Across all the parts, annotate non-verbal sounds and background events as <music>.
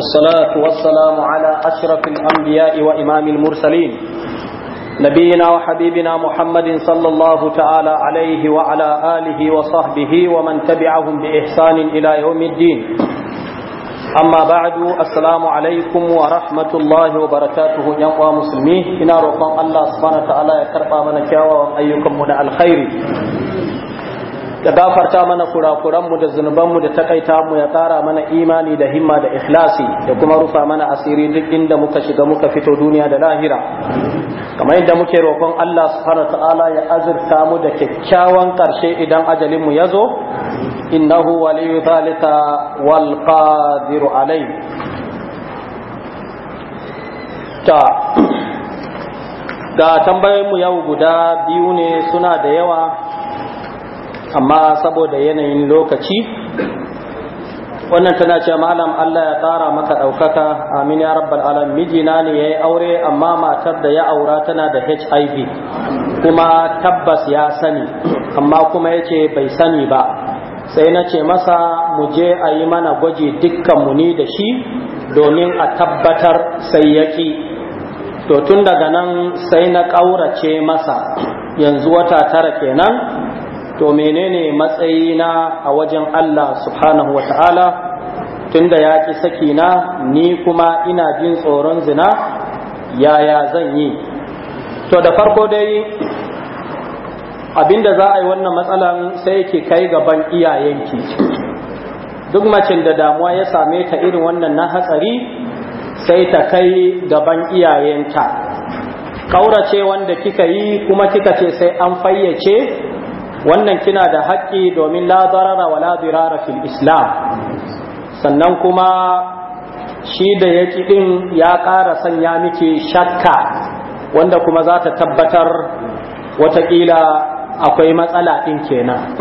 والصلاة والسلام على أشرف الأنبياء وإمام المرسلين نبينا وحبيبنا محمد صلى الله تعالى عليه وعلى آله وصحبه ومن تبعهم بإحسان إلى يوم الدين amma ba'du assalamu alaikum wa rahmatullahi wa barakatuhu yan uwa musulmi ina roƙon Allah subhanahu ya karɓa mana kyawawan ayyukanmu na alkhairi ka gafarta mana kurakuranmu da zunubanmu da takaita mu ya tsara mana imani da himma da ikhlasi da kuma rufa mana asiri duk inda muka shiga muka fito duniya da lahira kamar yadda muke roƙon Allah subhanahu ta'ala ya azurta mu da kyakkyawan karshe idan ajalin mu yazo innahu waliyyu zalika wal qadiru alai ta <clears throat> ga tambayoyin mu yau guda biyu ne suna da yawa amma saboda yanayin lokaci wannan tana ce malam Allah ya ƙara maka ɗaukaka amin ya rabbal alam mijina ne ya yi aure amma matar da ya aura tana da HIV kuma tabbas ya sani amma kuma yace bai sani ba sai na ce masa mu je a yi mana gwaji dukkanmu ni da shi domin a tabbatar sai yaki to tun daga nan sai na ƙaurace masa yanzu wata tara kenan to menene matsayi na a wajen Allah subhanahu wa ta'ala tunda ya ƙi sakina ni kuma ina jin tsoron zina yaya zan yi to da farko dai abinda za a yi wannan matsalan sai yake kai gaban iyayenki duk macin da damuwa ya same ta irin wannan na hatsari sai ta kai gaban iyayenta ƙaurace wanda kika yi kuma kika ce sai an fayyace wannan kina da haƙƙi domin la zarara wa la dirara fil islam sannan kuma shi da yaki ɗin ya ƙara sanya miki shakka wanda kuma za ta tabbatar watakila akwai matsala ɗin kenan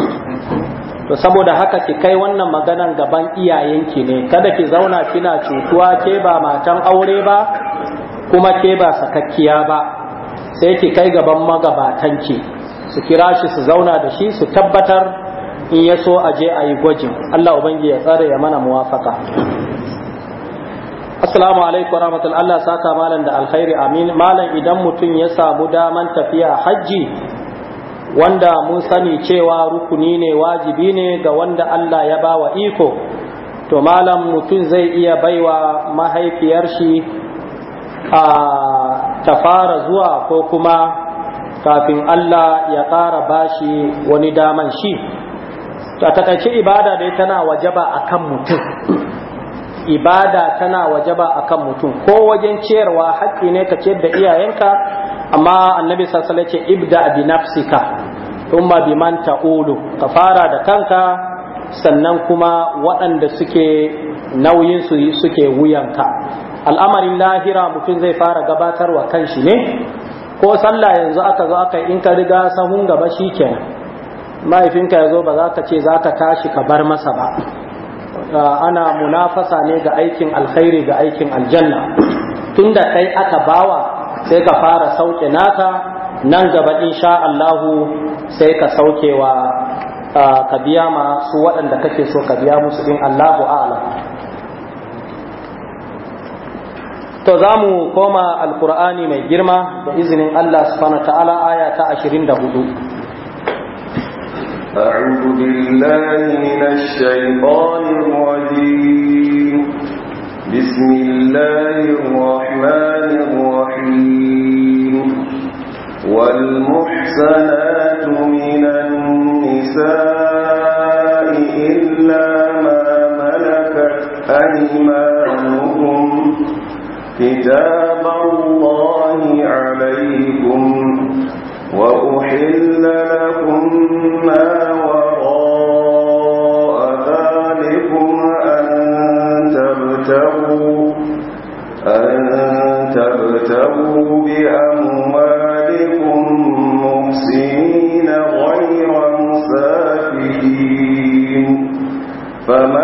to saboda haka ki kai wannan maganan gaban iyayenki ne kada ki zauna kina cutuwa ke ba matan aure ba kuma ke ba sakakkiya ba sai ki kai gaban magabatanki su kira shi su zauna da shi su tabbatar in ya so a je a yi gwajin Allah ubangi ya tsare ya mana muwafaka Assalamu alaikum rahmatul' Allah saka malam da alkhairi amin malam idan mutum ya samu daman tafiya hajji wanda mun sani cewa rukuni ne wajibi ne ga wanda Allah ya bawa iko to malam mutum zai iya baiwa mahaifiyar shi a ta fara zuwa ko kuma kafin Allah ya ƙara bashi wani daman shi a takaice ibada dai tana wajaba kan mutum ibada tana wajaba a kan mutum ko wajen ciyarwa haƙƙi ne ka ciyar da iyayenka amma annabi sassale ce ibda bi nafsika umma bi man ta'ulu ka fara da kanka sannan kuma waɗanda suke nauyin su suke wuyanka al'amarin lahira mutum zai fara gabatarwa kan shi ne ko sallah yanzu aka zo aka in ka riga sahun gaba shikenan mahaifinka ya zo ba za ka ce za ka tashi ka bar masa ba ana munafasa ne ga aikin alkhairi ga aikin aljanna tunda kai aka bawa sai ka fara sauke naka nan gaba sha Allahu sai ka saukewa ka biya ma su waɗanda kake so ka biya musu in Allahu a'lam to za mu koma alkur'ani mai girma da izinin Allah subhanahu ta'ala aya ta 24 أعوذ بالله من الشيطان الرجيم بسم الله الرحمن الرحيم والمحسنات من النساء إلا ما ملكت أيمانهم كتاب الله عليكم وأحل لكم ما وراء ذلكم أن تبتغوا أن تبتغوا بأموالكم محسنين غير مسافرين فما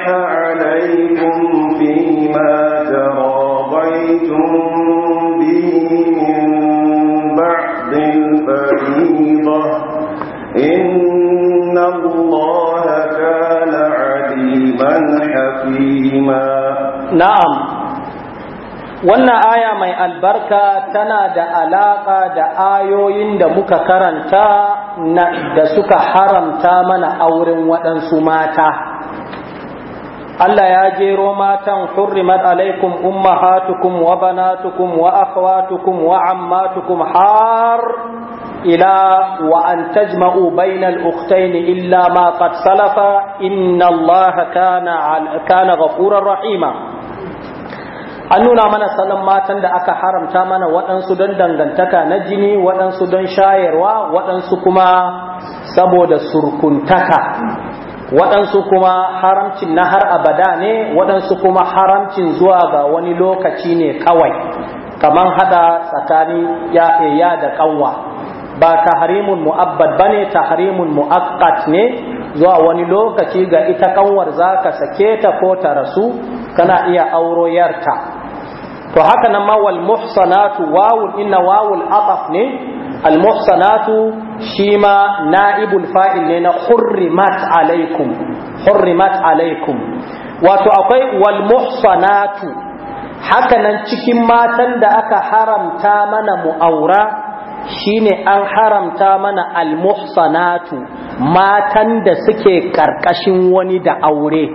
na'am wannan aya mai albarka tana da alaƙa da ayoyin da muka karanta na, da suka haramta mana auren waɗansu mata Allah ya jero matan hurrimat alaikum ummahatukum wa banatukum wa akhwatukum wa ammatukum har ila wa an tajma'u bainal ukhtayn illa ma qad salafa inna Allah kana kana ghafurar rahima an nuna mana salon matan da aka haramta mana waɗansu don dangantaka na jini waɗansu don shayarwa waɗansu kuma saboda surkuntaka waɗansu kuma haramcin na har abada ne waɗansu kuma haramcin zuwa ga wani lokaci ne kawai kamar hada tsakani ya da ƙanwa ba tahrimun mu'abbad bane tahrimun mu'aqqat ne zuwa wani lokaci ga ita kanwar zaka sake ta ko ta rasu kana iya auro yarta to haka nan ma wal muhsanatu wawul inna wawul ataf ne al muhsanatu shi ma na'ibul fa'il ne na hurrimat alaikum hurrimat alaikum wato akwai wal muhsanatu haka nan cikin matan da aka haramta mana mu'aura shine an haramta mana al muhsanatu matan da suke karkashin wani da aure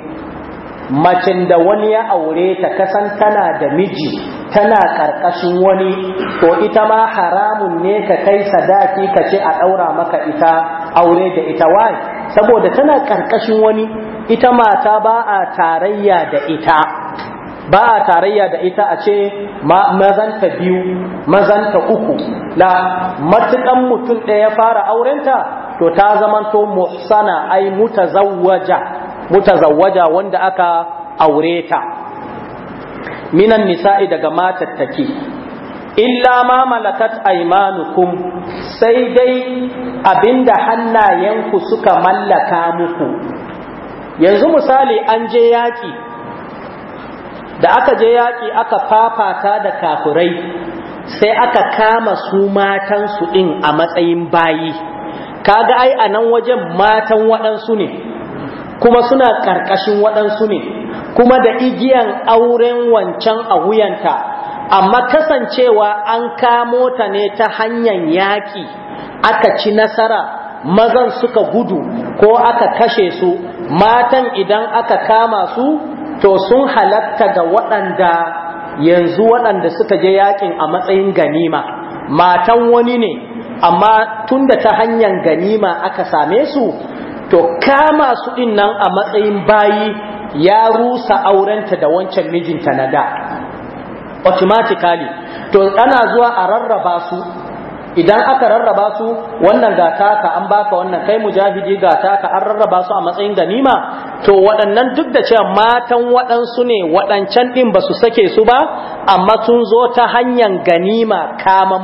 macen da wani ya aure ta kasan tana da miji tana ƙarƙashin wani to ita ma haramun ne ka kai sadaki ka ce a ɗaura maka ita aure da ita wai saboda tana ƙarƙashin wani ita mata ba a tarayya da ita ba a tarayya da ita a ce mazanta biyu mazanta uku la matukan mutum ɗaya fara aurenta to ta zamanto muhsana ai mutazawwaja mutazawwaja wanda aka aure ta minan nisa'i daga matattaki illa ma malakat aymanukum sai dai abinda hannayenku suka mallaka muku yanzu misali an je yaki da aka je yaki aka fafata da kafurai sai aka kama su matansu ɗin a matsayin bayi kaga ai a wajen matan waɗansu ne kuma suna ƙarƙashin waɗansu ne kuma da igiyan auren wancan a wuyanta amma kasancewa an kamo ta ne ta hanyar yaƙi aka ci nasara mazan suka gudu ko aka kashe su matan idan aka kama su to sun halatta ga waɗanda yanzu waɗanda suka je yaƙin a matsayin ganima matan wani ne amma tunda ta hanyar ganima aka same su to kama su din nan a matsayin bayi ya rusa aurenta da wancan mijinta na da automatically to ana zuwa a rarraba su idan aka rarraba su wannan ga taka an baka wannan kai mujahidi ga taka an rarraba su a matsayin ganima to waɗannan duk da cewa matan waɗansu ne waɗancan ɗin ba su sake su ba amma sun zo ta hanyar ganima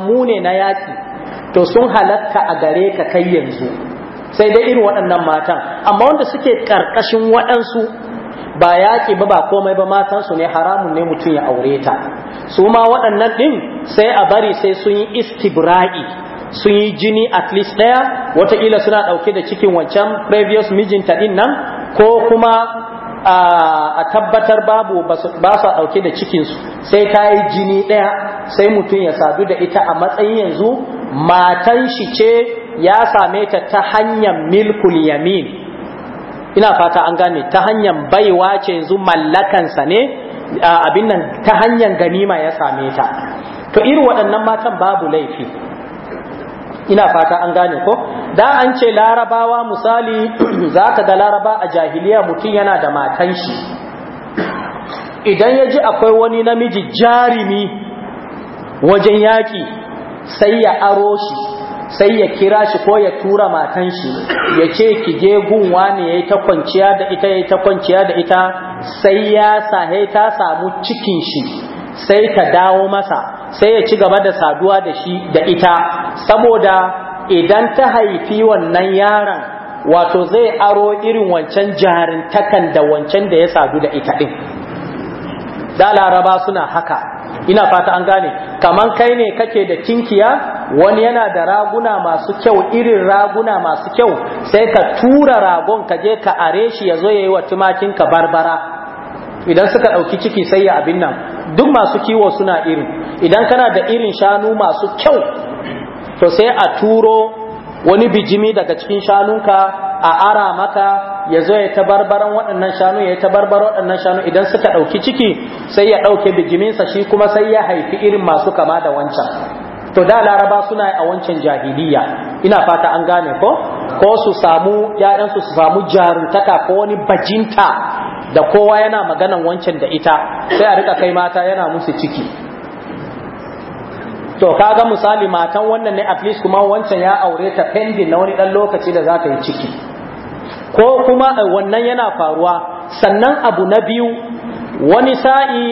mu ne na yaki to sun halatta a gare ka kai yanzu sai dai irin waɗannan matan amma wanda suke ƙarƙashin waɗansu ba yaƙi ba ba komai ba matansu ne haramun ne mutum ya aure ta su ma waɗannan ɗin sai a bari sai sun yi istibra'i sun yi jini at least ɗaya wataƙila suna ɗauke da cikin wancan previous mijinta ɗin nan ko kuma a tabbatar babu ba su ɗauke da cikinsu sai ta yi jini ɗaya sai mutum ya sadu da ita a matsayin yanzu matan shi ce ya same ta ta hanyar milkul yamin ina fata an gane ta hanyar baiwa ce yanzu mallakansa ne abin nan ta hanyar ganima ya same ta to irin waɗannan matan babu laifi ina fata an gane ko da an ce larabawa misali <clears throat> za ka ga laraba a jahiliya mutum yana da matan shi idan ya ji akwai wani namiji jarimi wajen yaƙi sai ya aro shi sai ya kira shi ko ya tura matan shi ya ce ki je gunwa ne ya yi ta kwanciya da ita ya yi ta kwanciya da ita sai ya sahe ta samu cikin shi sai ta dawo masa sai ya ci gaba da saduwa da shi da ita saboda idan ta haifi wannan yaron wato zai aro irin wancan takan da wancan da ya sadu da ita din. da laraba suna haka ina fata an gane kaman kai ne kake da kinkiya wani yana da raguna masu kyau irin raguna masu kyau sai ka tura ragon ka je ka are shi ya zo ya yi wa tumakin ka barbara idan suka ɗauki ciki sai ya abin nan duk masu kiwo suna irin idan kana da irin shanu masu kyau to sai a turo wani bijimi daga cikin shanunka a ara maka ya zo ya tabarbaran waɗannan shanu ya tabarbar waɗannan shanu idan suka ɗauki ciki sai ya ɗauke bijiminsa shi kuma sai ya haifi irin masu kama da wancan to da laraba suna a wancan jahiliya ina fata an gane ko ko su samu ‘ya'yansu su samu jaruntaka ko wani bajinta da kowa yana maganan wancan da ita sai a rika kai mata yana musu ciki to kaga misali matan wannan ne at least kuma wancan ya aure ta pending na wani dan lokaci da za ta yi ciki ko kuma eh, wannan yana faruwa sannan abu na biyu wani sa'i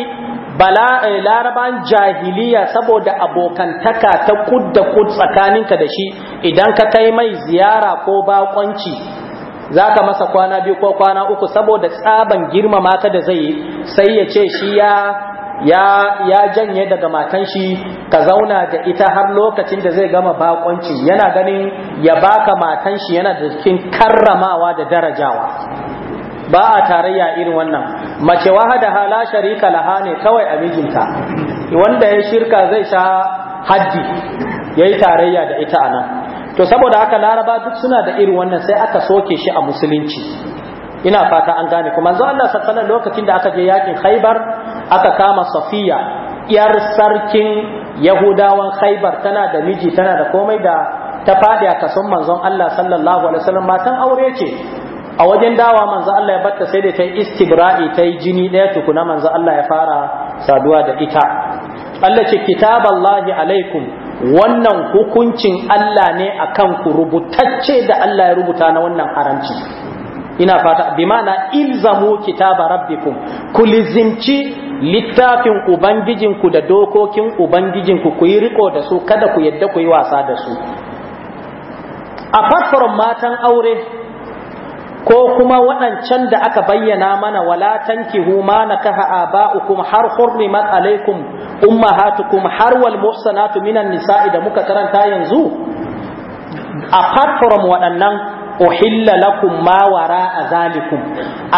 eh, laraban jahiliya saboda abokantaka ta kudda kud tsakaninka da shi idan ka kai mai ziyara ko bakonci za ka masa kwana biyu ko kwana uku saboda tsaban girmama mata da zai sai ya ce shi ya ya ya janye daga matan shi ka zauna da ita har lokacin da zai gama bakonci yana ganin ya baka matan shi yana da cikin karramawa da darajawa ba a tarayya irin wannan mace wahada hala sharika laha ne kawai a mijinta wanda ya shirka zai sha haddi yayi tarayya da ita anan to saboda haka laraba duk suna da irin wannan sai aka soke shi a musulunci ina fata an gane kuma zo Allah lokacin da aka je yakin Khaibar aka kama safiya yar sarkin yahudawan khaibar tana da miji tana da komai da ta faɗi a manzon Allah sallallahu alaihi wasallam matan aure ce a wajen dawa manzon Allah ya batta sai da ta yi istibra'i ta yi jini ɗaya tukuna manzon Allah ya fara saduwa da ita Allah ce kitaballahi alaikum wannan hukuncin Allah ne akan ku rubutacce da Allah ya rubuta na wannan haramci ina fata bi ma'ana ilzamu kitaba rabbikum ku lizimci littafin ubangijinku da dokokin ubangijinku ku yi riko da su kada ku yadda ku yi wasa da su apart from matan aure ko kuma waɗancan da aka bayyana mana wala tankihu ma nakaha aba'ukum har hurrimat alaikum ummahatukum har wal muhsanatu minan nisa'i da muka karanta yanzu apart from waɗannan uhilla lakum ma wara a zalikum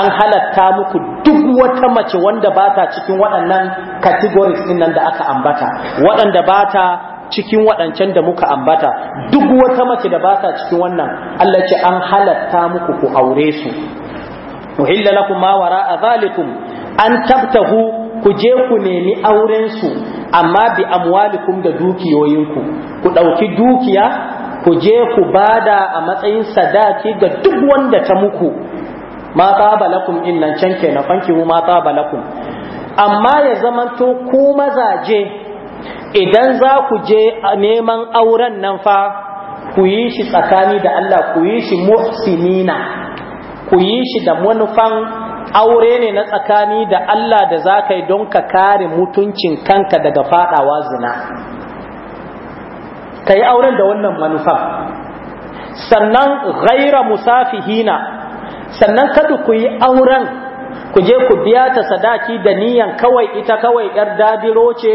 an halatta muku duk wata mace wanda ba ta cikin waɗannan categories ɗin nan da aka ambata waɗanda ba ta cikin waɗancan da muka ambata duk wata mace da ba ta cikin wannan Allah ce an halatta muku ku aure su uhilla lakum ma wara a zalikum an tabtahu ku je ku nemi auren su amma bi amwalikum da dukiyoyinku ku ɗauki dukiya ku je ku bada a matsayin sadaki ga duk wanda ta muku ma tsaba in nan can na fanki ma tsaba lakum amma ya zamanto ku mazaje idan za ku je neman auren nan fa ku yi shi tsakani da Allah ku yi shi muhsinina ku yi shi da manufan aure ne na tsakani da Allah da za ka yi don ka kare mutuncin kanka daga fadawa zina ka yi auren da wannan manufa sannan ghaira musafihina sannan kada ku yi auren ku je ku biya ta sadaki da niyan kawai ita kawai yar dadiro ce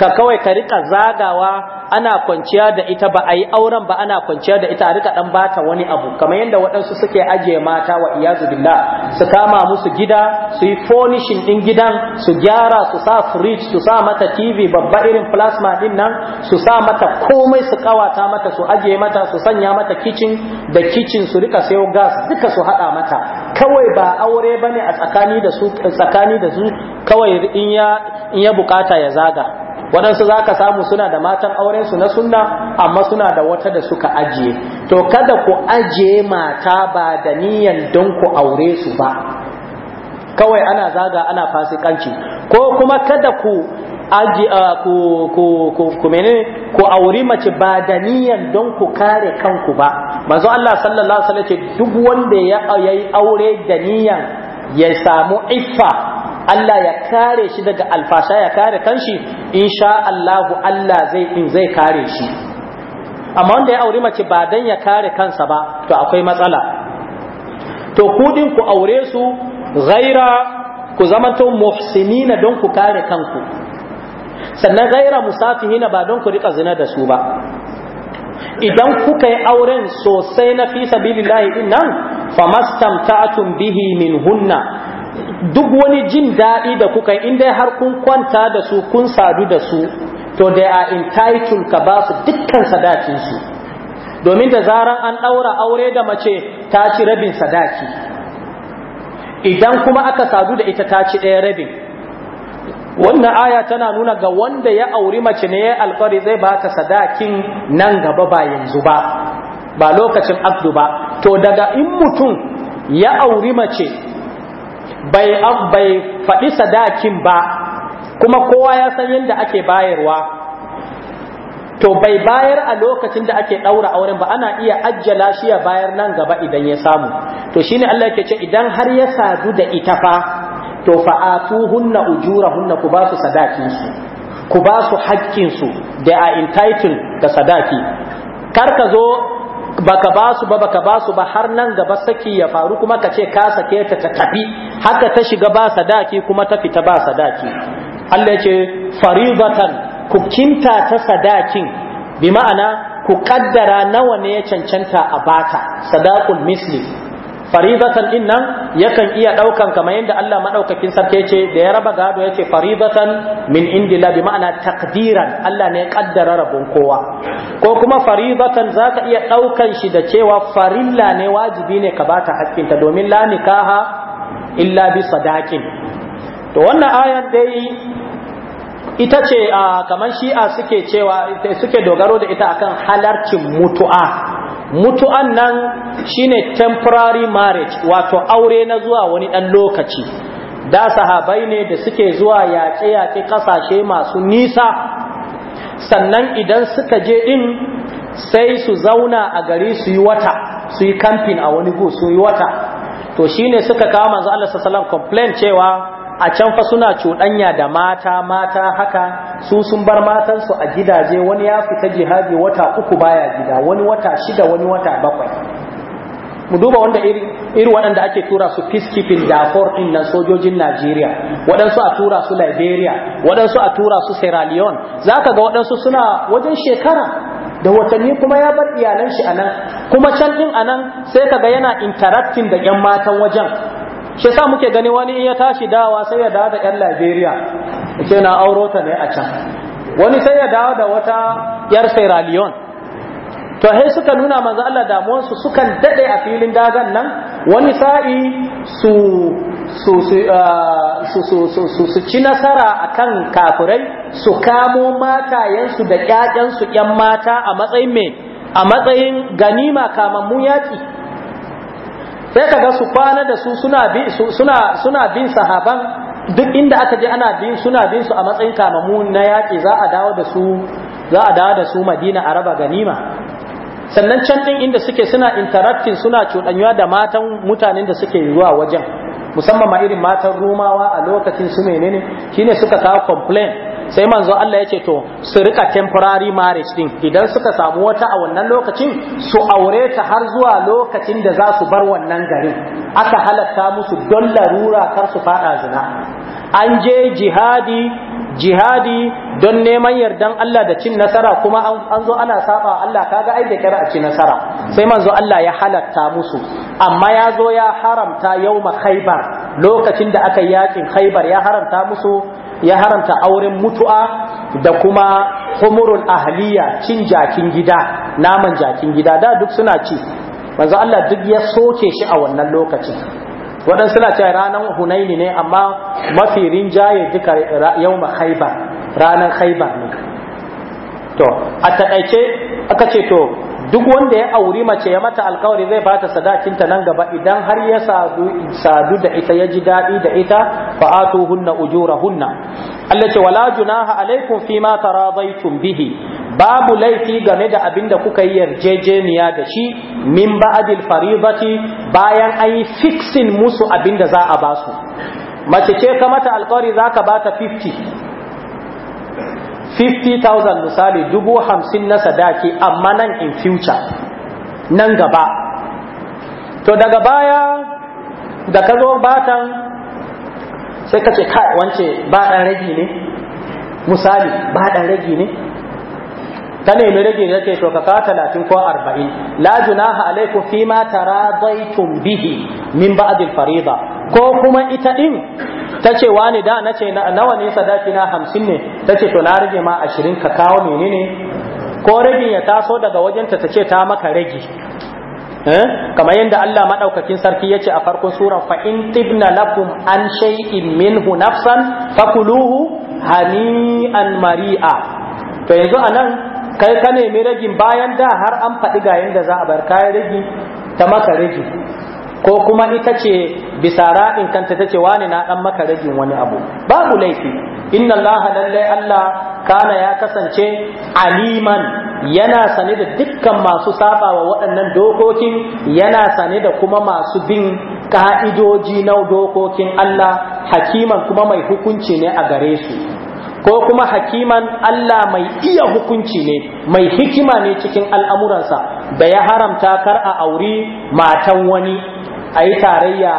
ka kawai ka rika zagawa ana kwanciya da ita ba a yi auren ba ana kwanciya da ita a rika dan bata wani abu kamar yadda waɗansu suke ajiye mata wa iyazu billah su kama musu gida su yi furnishing din gidan su gyara su sa fridge su sa mata TV babba irin plasma din nan su sa mata komai su kawata mata su ajiye mata su sanya mata kicin da kicin su rika sayo gas duka su haɗa mata kawai ba aure bane a tsakani da su tsakani da su kawai in ya in ya bukata ya zaga waɗansu za ka samu suna da matan aurensu na sunna amma suna da wata da suka ajiye to kada ku ajiye mata ba da niyan don ku aure su ba kawai ana zaga ana fasikanci ko kuma kada ku aji ku ku auri mace ba da niyan don ku kare kanku ba manzo Allah sallallahu alaihi wasallam ce duk wanda ya yi aure da niyan ya samu iffa Allah ya kare shi daga alfasha ya kare kanshi insha Allahu Allah zai in zai kare shi amma wanda ya auri mace ba dan ya kare kansa ba to akwai matsala to kuɗin ku aure su ghaira ku to muhsinina don ku kare kanku sannan ghaira musafihina ba don ku rika zina da su ba idan kuka yi auren sosai na fi sabilillahi din nan famastamta'tum bihi min hunna duk wani jin daɗi da kuka in dai har kun kwanta da su kun sadu da su to dai a entitled ka ba su dukkan su domin da zaran an ɗaura aure da mace ta ci rabin sadaki idan kuma aka sadu da ita ta ci ɗaya rabin wannan aya tana nuna ga wanda ya auri mace ne ya alfari zai ba ta sadakin nan gaba ba yanzu ba ba lokacin abdu ba to daga in mutum ya auri mace bai bai faɗi sadakin ba kuma kowa ya san yadda ake bayarwa to bai bayar a lokacin da ake ɗaura auren ba ana iya ajjala shi ya bayar nan gaba idan ya samu to shine Allah yake ce idan har ya sadu da ita fa to ujura ujurahunna ku ba su sadakin su ku basu su haƙƙin su da a entitled da sadaki kar ka zo baka ba su ba baka ba su ba har nan gaba saki ya faru kuma ka ce ka sake ta ta tafi haka ta shiga ba sadaki kuma ta fita ba sadaki Allah ya ce faribatan ku kinta ta sadakin bi ma'ana ku kaddara nawa ne ya cancanta a bata sadaqul misli faridatan din nan yakan iya daukan kamar yadda Allah madaukakin sarki yace da ya raba gado yace faridatan min indillah bi ma'ana taqdiran Allah ne ya kaddara rabon kowa ko kuma faridatan zaka iya daukan shi da cewa farilla ne wajibi ne ka bata hakkin ta domin la nikaha illa bi sadaqin to wannan ayan dai ita ce kamar shi'a suke cewa suke dogaro da ita akan halarcin mutu'a mutu'an nan shine temporary marriage wato aure na zuwa wani ɗan lokaci da sahabai ne da suke zuwa yaƙe-yaƙe ƙasashe masu nisa sannan idan suka je ɗin sai su zauna a gari su yi wata su yi camping a wani gu su yi wata to shine suka kama manzo Allah sallallahu alaihi complain cewa a can fa suna cuɗanya da mata mata haka su sun bar matansu a gidaje wani ya fita jihadi wata uku baya gida wani wata shida wani wata bakwai mu duba wanda iri waɗanda ake tura su peacekeeping da ɗin nan sojojin Najeriya waɗansu a tura su Liberia waɗansu a tura su Sierra Leone za ka ga waɗansu suna wajen shekara da watanni kuma ya bar iyalan shi a nan kuma can ɗin a nan sai ka ga yana interacting da 'yan matan wajen shi sa muke gani wani in ya tashi dawa sai ya dawo da yan Liberia yace na auro ne a can wani sai ya dawo da wata yar Sierra Leone to sai suka nuna manzo Allah damuwar su sukan dade a filin dagan nan wani sa'i su su su ah, su su su ci nasara akan kafirai su kamo matayensu da 'ya'yansu ƴan mata a matsayin me a matsayin ganima kamammun yaƙi sai kaga su kwana da su suna bin sahaban duk inda aka je ana bin suna bin su a matsayin kamamu na yaƙi za a dawo da su za a dawo da su Madina a raba ganima sannan can din inda suke suna interacting suna cuɗanyuwa da matan mutanen da suke zuwa wajen musamman ma irin matan Rumawa a lokacin su menene shine suka kawo complain sai manzo Allah ya ce to su rika temporary marriage din idan suka samu wata a wannan lokacin su aure ta har zuwa lokacin da za su bar wannan garin aka halatta musu don larura kar su fada zina an je jihadi jihadi don neman yardan Allah da cin nasara kuma an zo ana saba Allah kaga ai da kira a ci nasara sai manzo Allah ya halatta musu amma ya zo ya haramta yawma khaybar lokacin da aka yakin khaybar ya haramta musu ya haramta auren mutu'a da kuma humurun ahliya cin jakin gida naman jakin gida da duk suna ci manzo Allah duk ya soke shi a wannan lokaci. waɗansu suna cewa ranan hunaini ne amma mafi rinjaye duka yau haiba Ranan haiba ne to a takaice aka ce to duk wanda ya auri mace ya mata alkawari zai bata sadakinta nan gaba idan har ya sadu da ita ya ji daɗi da ita fa ujura hunna. Allah ce wala junaha alaikum fima taradaitum bihi babu laifi game da abin da kuka yi yarjejeniya da shi min ba'dil faribati bayan ayi fiksin fixing musu abin da za a basu mace ce ka mata alkawari zaka bata 50 50,000 misali dubu hamsin na sadaki amma nan in future nan gaba to daga baya da ka zo batan sai ka ce kai wance ba ragi ne misali ba ragi ne ta nemi ragi ne to ka kawo talatin ko arba'in la junaha alaikum fi ma taradaitum bihi min ba'dil fariḍa ko kuma ita din ta ce wani da na nawa ne sadaki na hamsin ne ta ce to na rage ma ashirin ka kawo menene ko ragin ya taso daga wajenta ta ce ta maka rage eh? kamar yadda Allah maɗaukakin sarki ya ce a farkon sura, fa in tibna lakum an shay'in minhu nafsan fakuluhu hani'an mari'a to yanzu anan kai ka nemi ragin bayan da har an faɗi ga yadda za a bar kayan ragi ta maka ragi ko kuma ita ce bisa raɗin kanta ta ce wani na ɗan maka ragin wani abu babu laifi inna allaha lallai allah kana ya kasance aliman yana sane da dukkan masu saba wa waɗannan dokokin yana sane da kuma masu bin ka'idoji na dokokin allah hakiman kuma mai hukunci ne a gare su ko kuma hakiman allah mai iya hukunci ne mai hikima ne cikin al'amuransa da ya haramta kar a auri matan wani a yi tarayya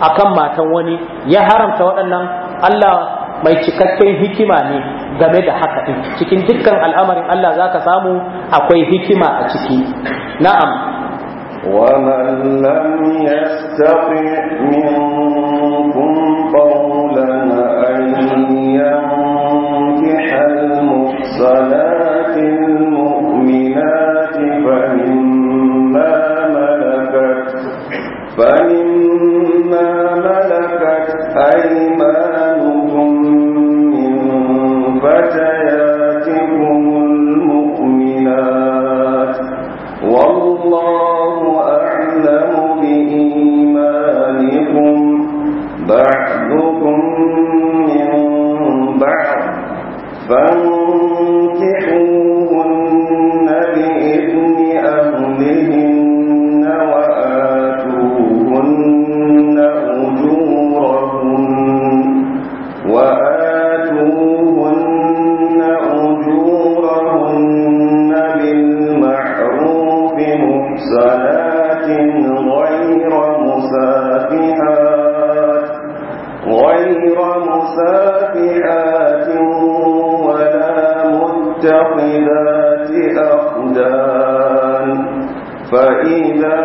a kan matan wani ya haramta waɗannan Allah mai cikakken hikima ne game da haka ɗin cikin dukkan al'amarin Allah za ka samu akwai hikima a ciki na'am ومن لم يستطع منكم قولا أن ينكح إذا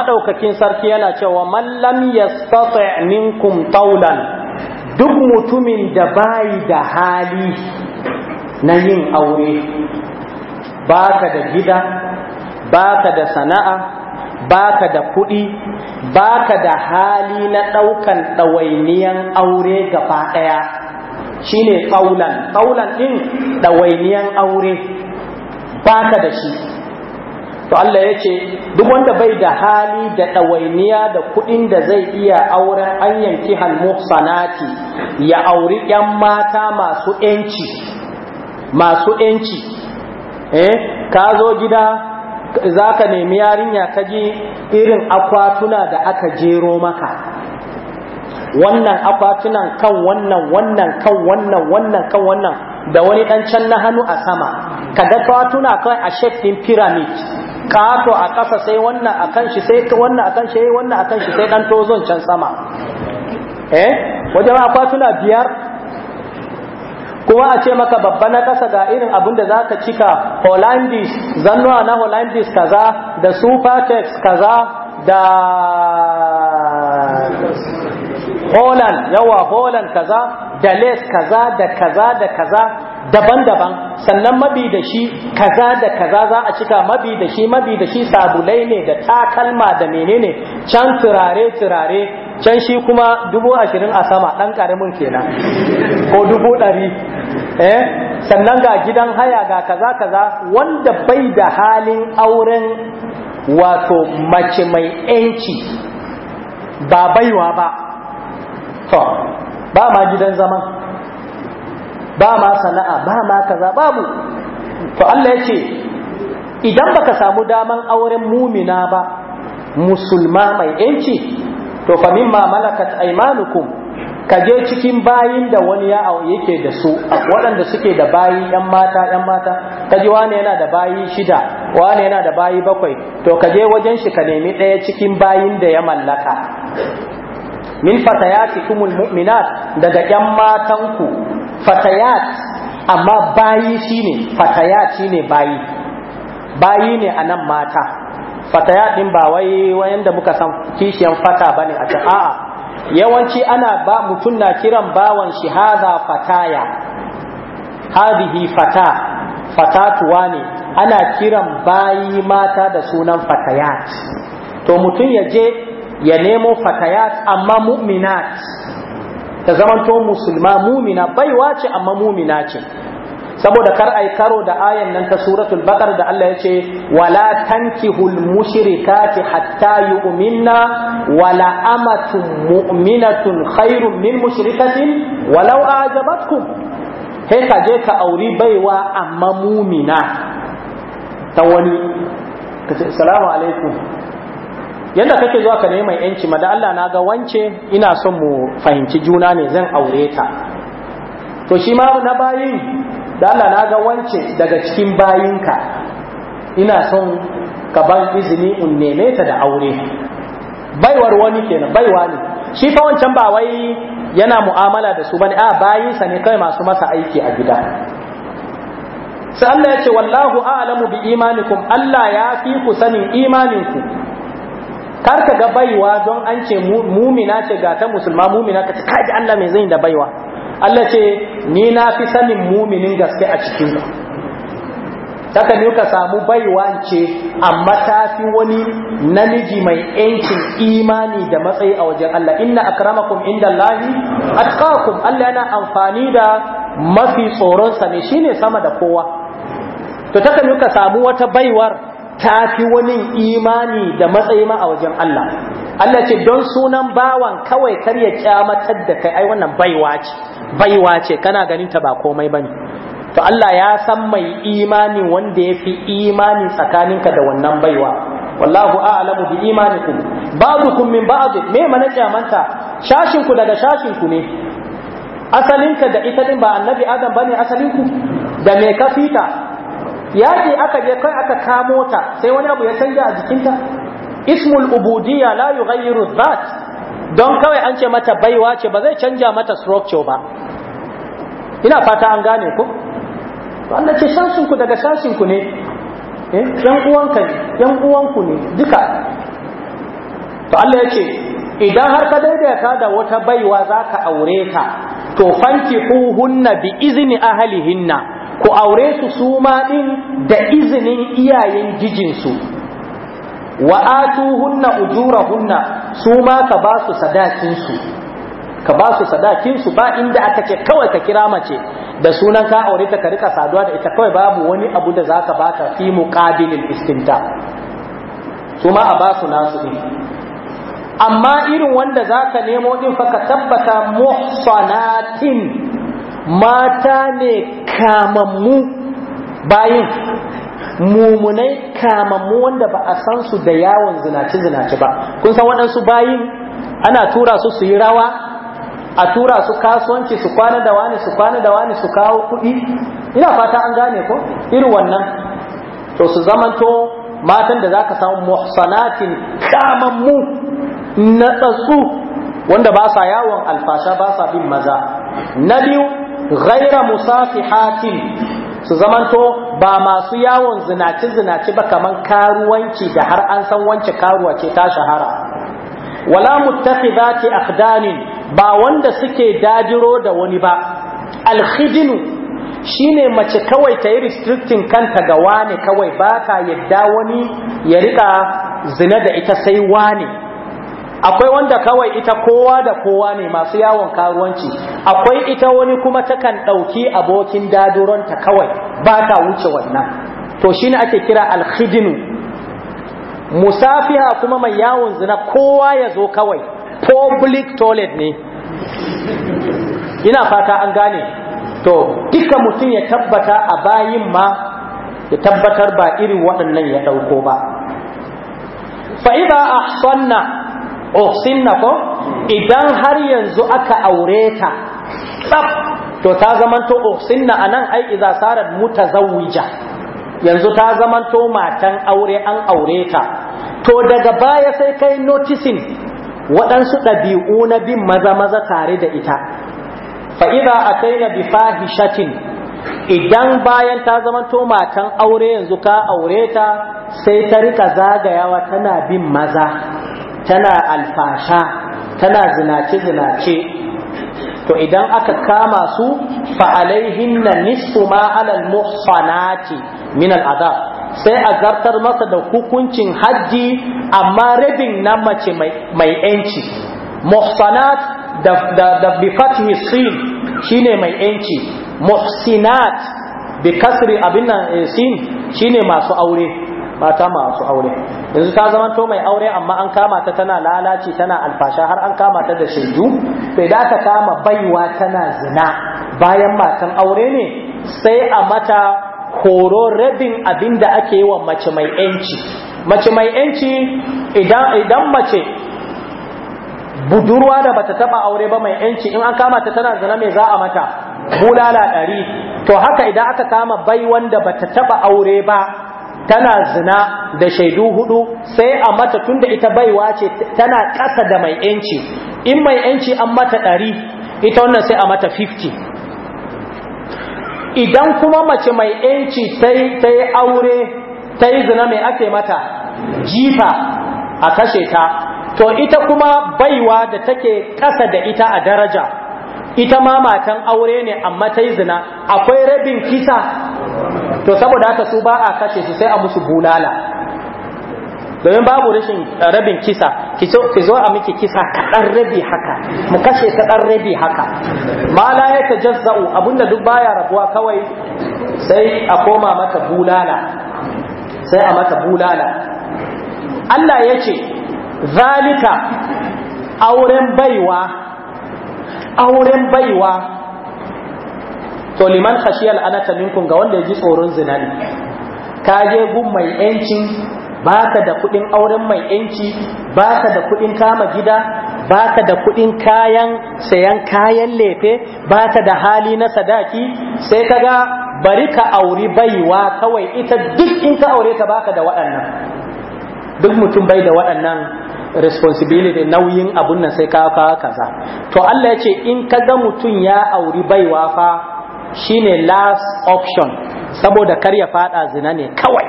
madaukakin sarki yana cewa mallam lam yastati minkum taulan duk mutumin da bai da hali na yin aure baka da gida baka da sana'a baka da kuɗi baka da hali na ɗaukan ɗawainiyan aure gaba ɗaya shine taulan taulan ɗin ɗawainiyan aure baka da shi to Allah ya ce duk wanda bai da hali da ɗawainiya da kuɗin da zai iya auren an yanki muhsanati ya auri ‘yan mata masu ‘yanci masu ‘yanci eh ka zo gida za ka nemi yarinya ka ji irin akwatuna da aka jero maka wannan akwatunan kan wannan wannan kan wannan wannan kan wannan da wani ɗan can na hannu a sama kaga akwatuna kawai a shek pyramid kato a ƙasa sai wannan akan shi sai wannan akan shi wannan akan shi sai dan tozon can sama eh wajen akwatuna biyar kuma a ce maka babba na ƙasa ga irin abin da za ka cika hollandis zannuwa na hollandis kaza da supertex kaza da Holland yawa Holland kaza da Les kaza da kaza da kaza daban-daban sannan mabi da shi kaza da kaza za a cika mabi da shi mabi da shi sabulai ne da takalma da menene can turare turare can shi kuma dubu ashirin a sama ɗan ƙaramin kenan ko dubu ɗari eh sannan ga gidan haya ga kaza kaza wanda bai da halin auren wato mace mai 'yanci ba baiwa ba to ba ma gidan zama ba ma sana'a ba ma kaza babu to Allah ya idan baka samu daman auren mumina ba musulma mai yanci to fa mimma malakat aymanukum ka je cikin bayin da wani ya yake da su waɗanda suke da bayi yan mata yan mata ka ji wani yana da bayi shida wani yana da bayi bakwai to ka je wajen shi ka nemi ɗaya cikin bayin da ya mallaka min fatayatikumul mu'minat daga yan matanku fatayat amma bayi shine fatayat shine bayi bayi ne anan mata fatayat din ba wai wayanda muka san kishiyan fata bane a a'a yawanci ana ba mutun na kiran bawan shi hadha fataya hadhihi fata fatatuwa ne ana kiran bayi mata da sunan fatayat to mutun ya je ya nemo fatayat amma mu'minat ta zamanto musulma mumina baiwa ce amma mumina ce saboda kar ai karo da ayan nan ta suratul baqara da Allah yace wala tankihul mushrikati hatta yu'minna wala amatun mu'minatun khairun min mushrikatin walau a'jabatkum sai ka je ka auri baiwa amma mumina ta wani salamu alaikum yadda kake zuwa ka neman yanci ma da Allah na ga wance ina son mu fahimci juna ne zan aure ta to shi ma na bayin da Allah na ga wance daga cikin bayinka ina son ka ban izini in neme ta da aure baiwar wani kenan baiwa ne shi fa wancan ba wai yana mu'amala da su bane a bayinsa ne kai masu masa aiki a gida sai Allah ya ce wallahu a'lamu bi imanikum Allah ya fi ku sanin imaninku kar ka ga baiwa don an ce mumina ce ga ta musulma mumina ka ce kaji Allah mai zai da baiwa Allah ce ni na fi sanin muminin gaske a cikin ku taka ne ka samu baiwa ce amma ta fi wani namiji mai yankin imani da matsayi a wajen Allah inna akramakum indallahi atqakum Allah yana amfani da mafi tsoron sa ne shine sama da kowa to taka ne ka samu wata baiwar ta fi wani imani da matsayi ma a wajen Allah Allah ce don sunan bawan kawai kar kyamatar da kai ai wannan baiwa ce baiwa ce kana ganin ta ba komai bane to Allah ya san mai imani wanda ya fi imani tsakaninka da wannan baiwa wallahu a'lamu bi imanikum ba'dukum min ba'd me mana kyamanta shashin ku daga shashin ku ne asalinka da ita din ba annabi adam bane asalinku da me ka fita ce aka je kai aka kamo ta sai wani abu ya canja a jikinta ismul ubudiyya la yughayyiru dhat don kawai an ce mata baiwa ce ba zai canja mata structure ba ina fata an gane ku Allah ce shashin ku daga shashin ku ne eh yan ka ne yan uwanku ne duka to Allah ya ce idan har ka daidaita da wata baiwa zaka aure ta to fanki hunna bi izni ahlihinna ku aure su su ma ɗin da izinin iyayen gijinsu wa ujura ujura su ma ka ba su sadakinsu ka ba su sadakinsu ba inda aka ce kawai ka kira mace da sunan ka aure ta ka rika saduwa da ita kawai babu wani abu da zaka ka fi muqabilil istinta su ma a ba su nasu din amma irin wanda za ka nemo din fa ka tabbata muhsanatin mata ne kamammu bayin mumunai kamammu wanda ba a san su da yawon zinace-zinace ba kun san waɗansu bayin ana tura su su yi rawa a tura su kasuwanci su kwana da wani su kwana da wani su kawo kuɗi ina fata an gane ko irin wannan to su zamanto matan da zaka samu muhsanatin kamammu na tsatsu wanda ba sa yawon alfasha ba sa bin maza na biyu ghaira musafihatin su zamanto ba masu yawon zinaci-zinaci ba kaman karuwanci da har an san wance karuwa ce ta shahara wala muttakhidati aqdanin ba wanda suke dajiro da wani ba alkhidinu shine mace kawai ta yi restricting kanta ga 'Wani kawai ba yadda wani ya rika zina da ita sai wani. akwai wanda kawai ita kowa da kowa ne masu yawon karuwanci akwai ita wani kuma takan ɗauki abokin daduronta kawai ba ta wuce wannan to shine ake kira alhidinu musafiha kuma mai yawon zina kowa ya zo kawai public toilet ne ina fata an gane to duka mutum ya tabbata a bayin ma ya tabbatar ba irin waɗannan ya ɗauko ba Fa'iba a sanna na ko idan har yanzu aka aure ta tsaf to ta zamanto na anan ai idza sarat mutazawwija yanzu ta zamanto matan aure an aure ta to daga baya sai kai noticing waɗansu ɗabi'u na bin maza maza tare da ita fa a na bi fahishatin idan bayan ta zamanto matan aure yanzu ka aure ta sai ta rika zagayawa tana bin maza tana alfasha tana zinace-zinace to idan aka kama su fa'alaihin na nisfu ma'alal muhsanati min al'adab sai a zartar masa da hukuncin hajji amma rabin na mace mai ‘yanci muhsanat da bifat sin shine mai ‘yanci muhsinat bi kasri abin nan eh, sin shine masu aure mata masu aure yanzu ta zama to mai aure amma an kama ta tana lalaci tana alfasha har an kama ta da shaidu bai da ta kama baiwa tana zina bayan matan aure ne sai a mata horo rabin abin da ake yi wa mace mai yanci mace mai yanci idan mace budurwa da bata taba aure ba mai yanci in an kama ta tana zina mai za a mata bulala ɗari to haka idan aka kama bai wanda bata taba aure ba tana zina da shaidu hudu sai a mata tunda ita baiwa ce tana ƙasa da mai yanci in mai yanci an mata ɗari ita wannan sai a mata 50 idan kuma mace mai yanci ta yi aure ta yi zina mai ake mata jifa a kashe ta to ita kuma baiwa da take ƙasa da ita a daraja ita ma matan aure ne amma ta yi zina akwai rabin kisa to saboda haka su ba a kashe su sai a musu bulala domin babu rashin eh, rabin kisa ki zo a miki kisa kaɗan rabi haka mu kashe kaɗan rabi haka Mala la ya ta jazza'u abinda duk baya rabuwa kawai sai a koma mata bulala sai a mata bulala Allah ya ce zalika auren baiwa auren baiwa to liman khashiyal anata minkum ga wanda ya ji tsoron zina ne ka je gun mai yanci baka da kudin auren mai yanci baka da kudin kama gida baka da kudin kayan sayan kayan lefe baka da hali na sadaki sai kaga bari ka auri baiwa kawai ita duk in ka aure ta baka da waɗannan duk mutum bai da waɗannan responsibility nauyin abun nan sai ka fa kaza to Allah ya ce in ka ga mutum ya auri baiwa fa shine last option saboda kar ya fada zina ne kawai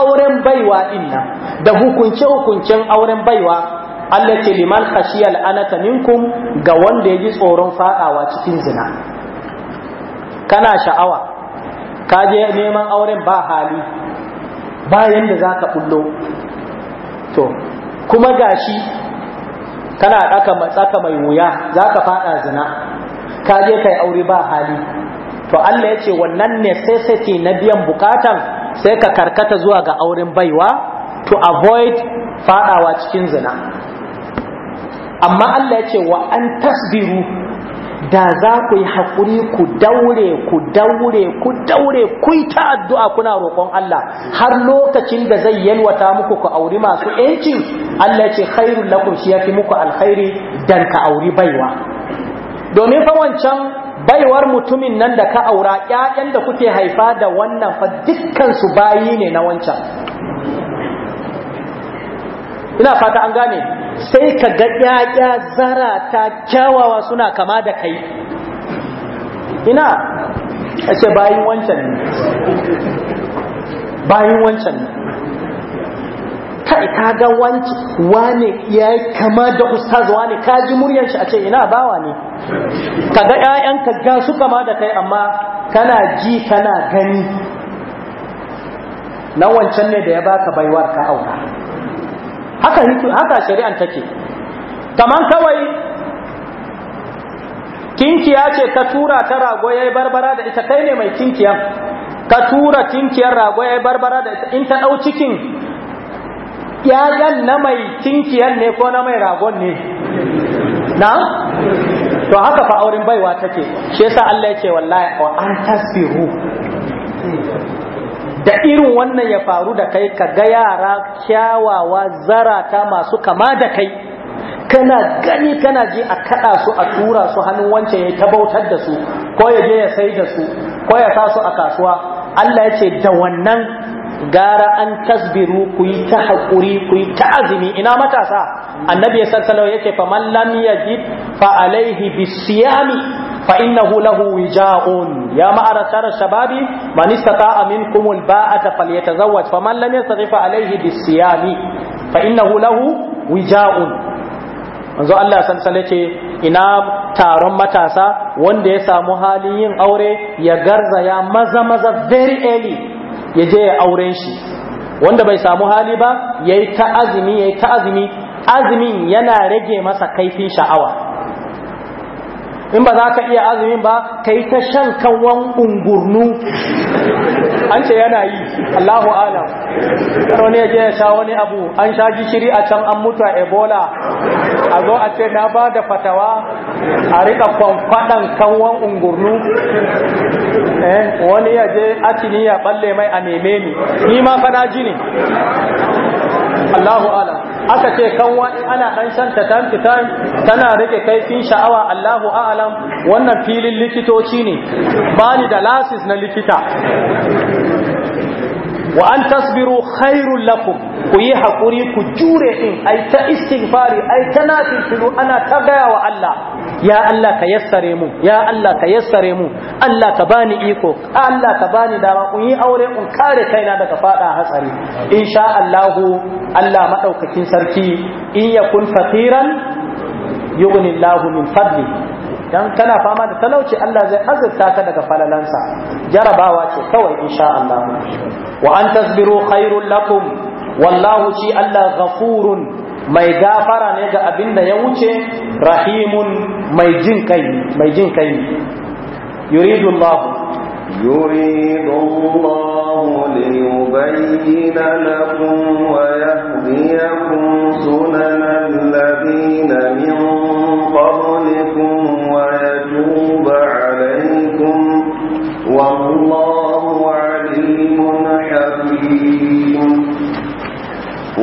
auren baiwa din nan da hukunce hukuncen auren baiwa Allah ce liman khashiyal anata minkum ga wanda yaji tsoron fadawa cikin zina kana sha'awa ka je neman auren ba hali bayan da zaka bullo to kuma gashi kana aka matsaka mai wuya za ka faɗa zina ka je kai aure ba hali to Allah ya ce wannan necessity na biyan bukatan sai ka karkata zuwa ga auren baiwa to avoid faɗawa cikin zina amma Allah ya ce wa an tasbiru da za ku yi haƙuri ku daure ku daure ku daure ku yi ta addu'a kuna roƙon Allah har lokacin da zai yalwata muku ku auri masu ‘yanci Allah ce khairun lakum shi fi muku alkhairi dan ka auri baiwa domin fa wancan baiwar mutumin nan da ka aura ‘ya'yan da kuke haifa da wannan fa dukkan su bayi ne na wancan ina fata an gane sai ka ga zara ta kyawawa suna kama da kai ina a ce bayin wancan Bayan bayin wancan kai ka ga wanci wane ya kama da ustaz wane ka ji muryar shi a ce ina bawa ne ka ga ƴaƴanka ga su kama da kai amma kana ji kana gani na wancan ne da ya baka baiwar ka aura haka haka shari'an take kaman kawai kinkiya ce ka tura ta rago yayi barbara da ita kai ne mai kinkiya ka tura kinkiyar rago yayi barbara da ita in ta dau cikin yayan na mai kinkiyan ne ko na mai ragon ne na to haka fa auren baiwa take shi yasa Allah yake wallahi an tasbihu da irin wannan ya faru da kai ka ga yara kyawawa zarata masu kama da kai kana gani kana ji a kada su a tura su hannun wancan ya tabautar da su ko ya je ya sai da su ko ya sa su a kasuwa Allah ya ce da wannan gara an tasbiru ku yi ta haƙuri ku yi ta azumi ina matasa annabi sallallahu alaihi wasallam yace fa man lam yajid fa alaihi bisiyami fa innahu lahu wija'un ya ma'arasar shababi man istata'a minkum alba'ata falyatazawwaj faman lam yastati fa alayhi bisiyami fa innahu lahu wija'un manzo Allah san sale ce ina taron matasa wanda ya samu halin yin aure ya ya maza maza very early ya je ya auren shi wanda bai samu hali ba yayi ta azumi yayi ta azumi azumin yana rage masa kaifin sha'awa in ba za ka iya azumin ba ka yi ta shan kawon ungurnu an ce yana yi allahu ala karo ne yaje ya sha wani abu an sha gishiri a can an mutu a ebola a zo a ce na ba da fatawa a rika kwamfadan kawon ungurnu eh, wani ya je acini ya balle mai a neme ni ma fana ji ne allahu ala aka ce kan wani ana ɗan shan ta time to tana rike kaifin sha'awa Allahu a'lam wannan filin likitoci ne bani da lasis na likita wa an tasbiru khairul lakum ku yi hakuri ku jure din ai ta istighfari ai ta nafi ana ta gaya wa Allah ya Allah ka yassare mu ya Allah ka yassare mu Allah ka bani iko Allah ka bani dama kun yi aure kun kare kaina daga fada hatsari insha Allah Allah madaukakin sarki in yakun kunfa yughni Allah min fadli dan kana fama da talauci Allah zai azurta ka daga falalansa jarabawa ce kawai insha Allah wa an tasbiru khairul lakum wallahu shi Allah ghafurun mai gafara ne ga abin da ya wuce rahimun mai jin kai mai jin kai yuridu Allah يريد الله ليبين لكم ويهديكم سنن الذين من قبل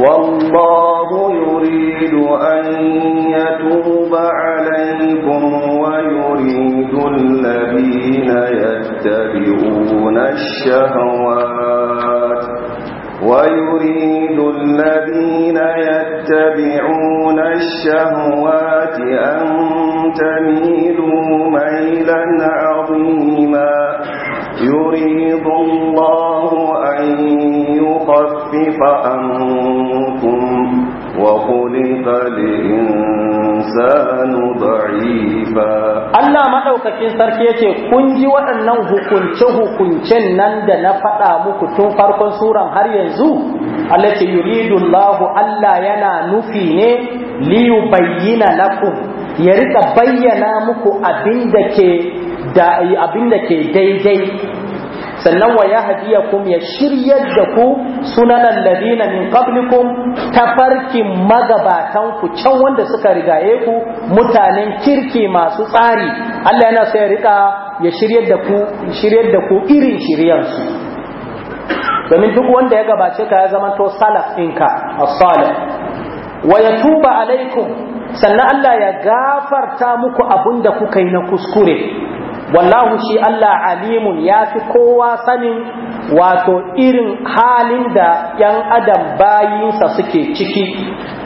والله يريد أن يتوب عليكم ويريد الذين يتبعون الشهوات ويريد الذين يتبعون الشهوات أن تميلوا ميلا عظيما يريد الله أن يخفف عنكم وخلق الإنسان ضعيفا الله ما sarki yace kun ji waɗannan hukunce-hukuncen nan da na faɗa muku tun farkon suran har yanzu Allah ce yuridu Allah Allah yana nufi ne liyu bayyana lakum ya rika bayyana muku abin da ke daidai sannan wa kum ya shiryar da ku sunanan ladina min qablikum tafarkin magabatan ku can wanda suka rigaye ku mutanen kirki masu tsari Allah yana so ya rika ya shiryar da ku shiryar da ku irin shiryar su domin duk wanda ya gabace ka ya zama to salaf ɗinka as salaf wa yatuba alaikum sannan Allah ya gafarta muku abinda kuka yi na kuskure wallahu shi Allah alimun ya fi kowa sanin wato irin halin da ‘yan adam bayinsa suke ciki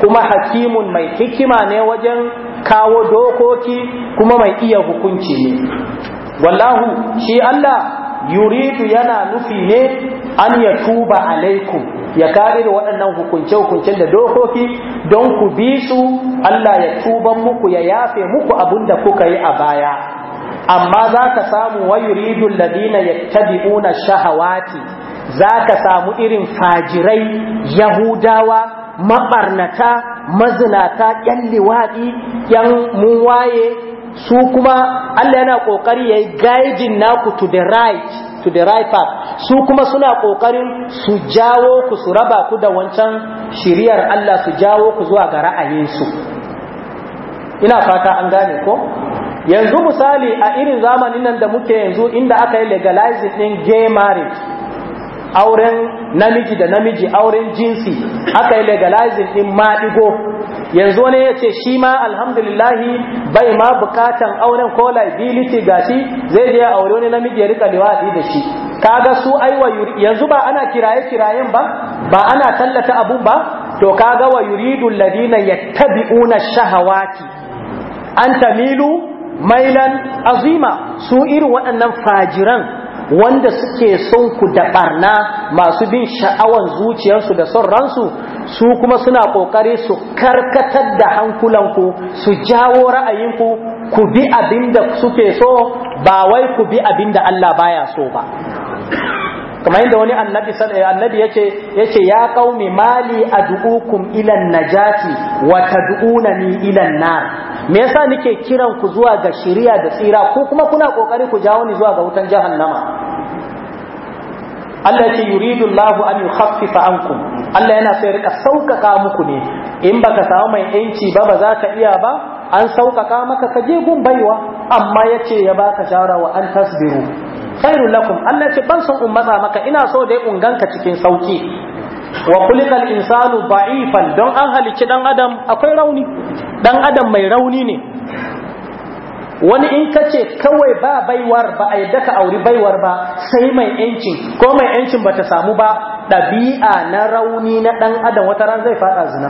kuma hakimun mai hikima ne wajen kawo dokoki kuma mai iya hukunci ne wallahu shi Allah yuridu yana nufi ne an ya tuba alaikum ya kare da waɗannan hukunce hukunce da dokoki don ku bi su Allah ya tuban muku ya yafe muku abin da kuka yi a baya amma za ka samu wayuridun ladina yattabi'una shahawati za ka samu irin fajirai yahudawa maɓarnata mazinata yan liwaɗi yan muwaye su kuma Allah yana ƙoƙari ya yi guiding naku to the right to the right path su kuma suna ƙoƙarin su jawo ku su raba ku da wancan shiriyar Allah su jawo ku zuwa ga ra'ayinsu ina fata an gane ko yanzu misali a irin zamanin nan da muke yanzu inda aka yi legalizing din gay marriage auren namiji da namiji auren jinsi aka yi legalizing din maɗigo yanzu ne ya ce shi ma alhamdulillahi bai ma bukatan auren ko liability gashi zai je aure wani namiji ya rika liwaɗi da shi kaga su aiwa yanzu ba ana kiraye kirayen ba ba ana tallata abun ba to kaga wa yuridu ladina yattabi'una shahawati an tamilu mailan azima su irin waɗannan fajiran wanda suke son ku da barna masu bin sha'awan zuciyarsu da son ransu su kuma suna ƙoƙari su karkatar da hankulanku su jawo ra'ayinku ku bi abin da suke so ba wai ku bi abin da Allah baya so ba kamar yadda wani annabi eh, annabi yace yace ya qaumi mali ad'ukum ila najati wa tad'unani ila nar me yasa nake kiran ku zuwa ga shiriya da tsira ko kuma kuna kokari ku jawo ni zuwa ga wutan jahannama Allah ce yuridu Allah an yukhaffifa ankum Allah yana so ya rika saukaka muku ne in baka samu mai yanci ba ba za ka iya ba an saukaka maka ka je gun baiwa amma yace ya baka shawara wa an tasbiru khairul lakum Allah ce ban son in matsa maka ina so dai in cikin sauki wa kulikal insanu ba'ifan don an halicci dan adam akwai rauni dan adam mai rauni ne wani in ka ce kawai ba baiwar ba a yadda ka auri baiwar ba sai mai yancin ko mai yancin ba ta samu ba ɗabi'a na rauni na ɗan adam wata ran zai faɗa zina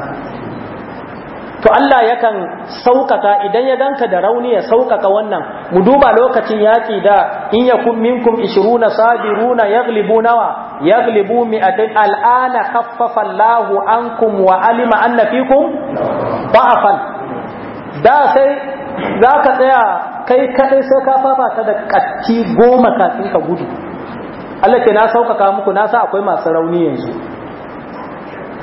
to Allah yakan saukaka idan ya danka da rauni ya saukaka wannan mu duba lokacin yaƙi da in yakum minkum ishiruna sabiruna yaglibu nawa yaglibu mi'atan al'ana khaffafa Allahu ankum wa alima anna fikum ba'afan da sai zaka tsaya kai kadai sai ka fafa ta da katti goma kafin ka gudu Allah ke na saukaka muku na sa akwai masu rauni yanzu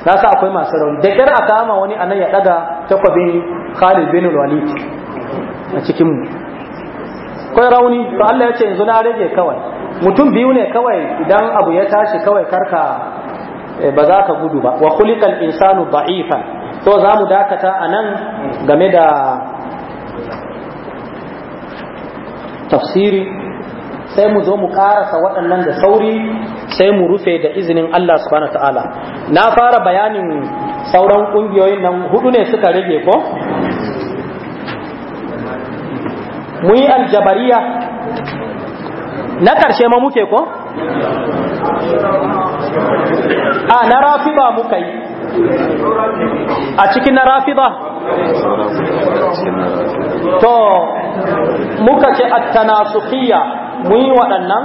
na sa akwai masu rauni da kyar a kama wani anan ya daga takwabin khalid bin walid a cikin mu akwai rauni to Allah ya ce yanzu na rage kawai mutum biyu ne kawai idan abu ya tashi kawai karka eh, ba za ka gudu ba wa khuliqal insanu da'ifan to za mu dakata anan game da tafsiri sai mu zo mu karasa waɗannan da sauri sai mu rufe da izinin Allah subhanahu ta'ala na fara bayanin sauran ƙungiyoyin nan hudu ne suka rage ko mu yi aljabariya na ƙarshe ma muke ko a na ba muka yi a cikin na rafi ba? to muka ce at sufiya mun yi waɗannan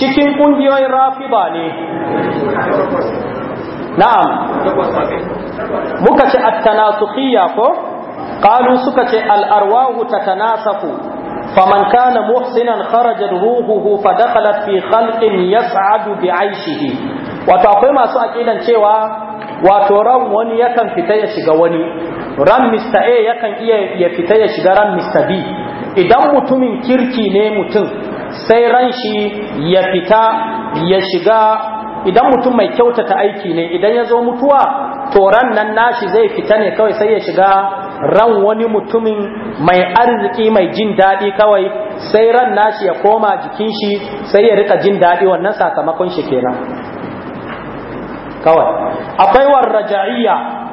cikin ƙungiyoyin rafiba ne na'am muka ce at su ko qalu suka ce al-arwahu tatanasafu فمن كان محسنا خرجت روحه فدخلت في خلق يسعد بعيشه wato akwai masu aqidan cewa wato ran wani yakan fita ya shiga wani ran Mr. A yakan iya ya fita ya shiga ran Mr. B idan mutumin kirki ne mutum sai ran shi ya fita ya shiga idan mutum mai kyautata aiki ne idan ya zo mutuwa to ran nan nashi zai fita ne kawai sai ya shiga ran wani mutumin mai arziki mai jin daɗi kawai sai ran nashi ya koma jikin shi sai ya rika jin daɗi wannan sakamakon shi kenan kawai akwai raja'iyya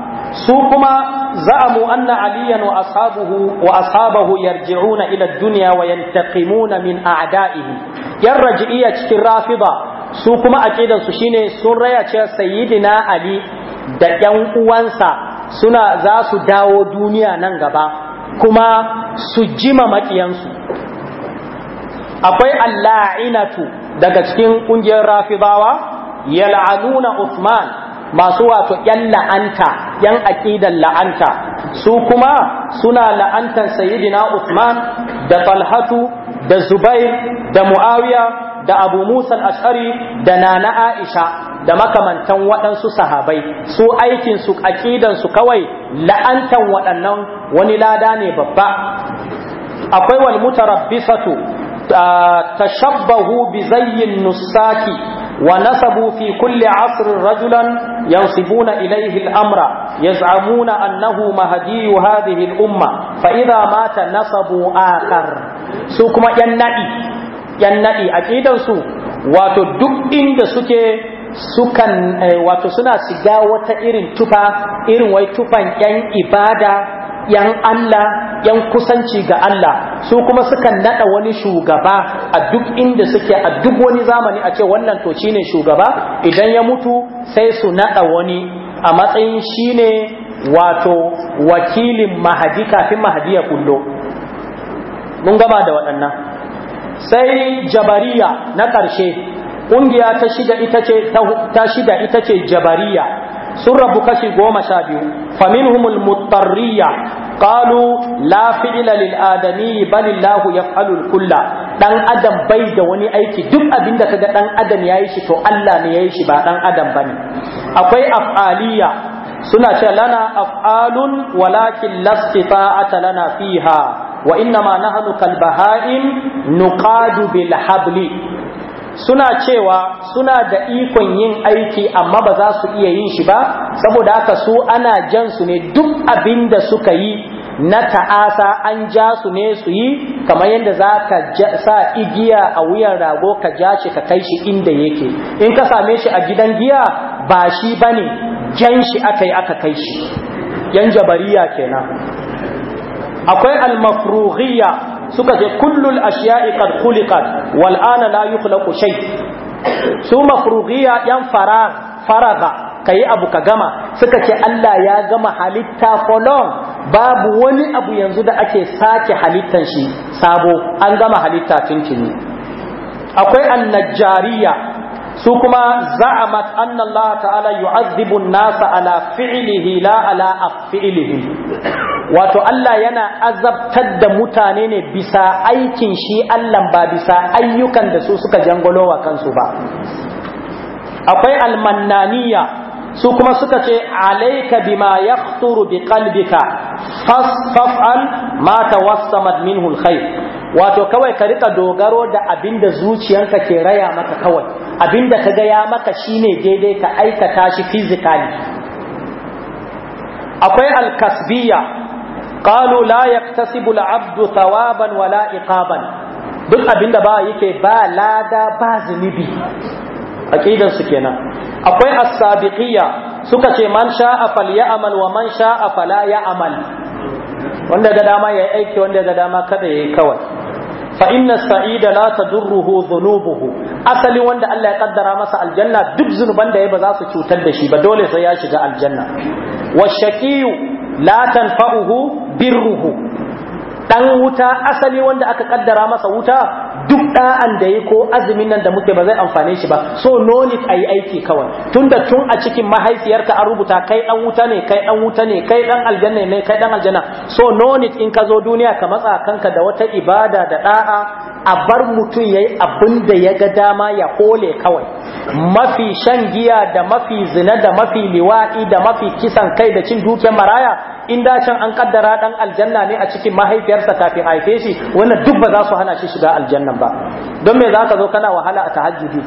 su kuma za'amu anna aliyan wa ashabuhu wa yarji'una ila duniya dunya wa yantaqimuna min a'da'ihi yarji'iyya cikin rafida su kuma aqidan su shine sun raya sayyidina ali da yan uwansa suna za su dawo duniya nan gaba kuma su jima makiyansu akwai alla'inatu daga cikin kungiyar rafidawa yal'anuna usman masu wato yan la'anta yan aqidan la'anta su kuma suna la'antan sayyidina Uthman da Talhatu da Zubair da Muawiya da Abu Musa al-Ash'ari da Nana Aisha da makamantan waɗansu sahabai su aikin su aqidan su kawai la'antan waɗannan wani lada ne babba akwai wal mutarabbisatu tashabbahu bi zayyin nusaki wa nasabu fi kulli asrin rajulan yansibuna ilayhi al-amra yaz'amuna annahu mahdi hadhihi al-umma fa mata nasabu akhar su kuma yan nadi yan nadi su wato duk inda suke wato suna shiga wata irin tufa irin wai tufan yan ibada yan Allah yan kusanci ga Allah su kuma sukan nada wani shugaba a duk inda suke a duk wani zamani a ce wannan to shine shugaba idan ya mutu sai su nada wani a matsayin shine wato wakilin mahadi kafin mahadi ya kullo mun gama da waɗannan sai jabariya na ƙarshe ƙungiya ta shida ita ce jabariya sun rabu kashi goma sha biyu faminhumul mutarriya qalu Ƙalu fi'la lil adami bal illahu yaf'alu kulla Ɗan adam bai da wani aiki duk abin da kaga dan adam yayi shi to Allah ne yi shi ba ɗan adam bane akwai af'aliya suna ce af'alun walakin lastita'ata lana fiha wa inna ma nahnu kal baha'im nuqadu bil habli suna cewa suna da ikon yin aiki amma ba za su iya yin shi ba saboda haka su ana jan su ne duk abin da suka yi na ta'asa an ja su ne su yi kamar yadda za ka sa igiya a wuyan rago ka ja shi ka kai shi inda yake in ka same shi a gidan giya ba shi ba ne jan shi aka yi aka kai shi yan jabariya kenan akwai almakruhiyya suka je kullul ashiya'i qad khuliqat wal ana la yukhlaqu shay su mafruqiya yan fara faraga kai abu ka gama suka ce Allah ya gama halitta kolon babu wani abu yanzu da ake sake halittan shi sabo an gama halitta tuntuni akwai annajariya su kuma za'amat anna Allah ta'ala yu'adhibu an-nasa ala fi'lihi la ala af'ilihi wato Allah yana azabtar da mutane ne bisa aikin shi Allah ba bisa ayyukan da su suka jangolo kansu ba akwai almannaniya su kuma suka ce alaika bima yaqturu bi qalbika fasfa'al ma tawassamat minhu alkhair wato kawai ka rika dogaro da abinda zuciyarka ke raya maka kawai abinda ka ga ya maka shine daidai ka aikata shi physically akwai alkasbiya qalu la yaktasibu al-abdu thawaban wala duk abinda ba yake ba lada ba zunubi aqidar su kenan akwai as-sabiqiyya suka ce man sha'a falyamal wa man sha'a fala ya'mal wanda ga dama yayi aiki wanda ga dama kada yayi kawai fa inna sa'ida la tadurruhu dhunubuhu asali wanda Allah ya kaddara masa aljanna duk zunuban da yayi ba za su cutar da shi ba dole sai ya shiga aljanna wa shaqiyu la tanfa'uhu birruhu Ɗan wuta asali wanda aka ƙaddara masa wuta duk da'an da yi ko azumin nan da muke ba zai amfane shi ba so no need ayi aiki kawai tunda tun a cikin mahaifiyarka an rubuta kai dan wuta ne kai dan wuta ne kai dan aljanna ne kai dan aljanna so no in ka zo duniya ka matsa kanka da wata ibada da ɗa'a. a bar mutum ya yi abin da ya ga dama ya kole kawai mafi shan giya da mafi zina da mafi liwa'i da mafi kisan kai da cin dukiyar maraya in dacin an kaddara dan aljanna ne a cikin mahaifiyarsa kafin haife shi wannan duk ba za su hana shi shiga aljannan ba don me za ka zo kana wahala a tahajjudi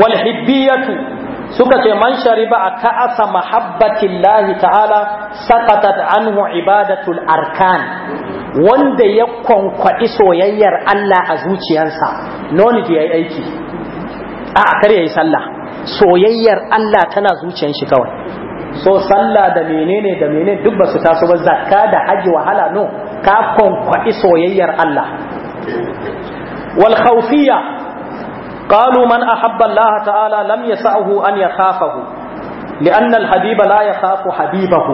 wal hibbiyatu suka ce man shariba a ka'asa mahabbatin lahi ta'ala sakatat anhu ibadatul arkan wanda ya kwankwaɗi soyayyar Allah a zuciyarsa noni ya yi aiki a kar ya yi sallah soyayyar Allah tana zuciyar shi kawai so sallah da menene da menene duk ba su taso ba zakka da haji wahala no ka kwankwaɗi soyayyar Allah wal khawfiyya قالوا من أحب الله تعالى لم يسعه أن يخافه لأن الحبيب لا يخاف حبيبه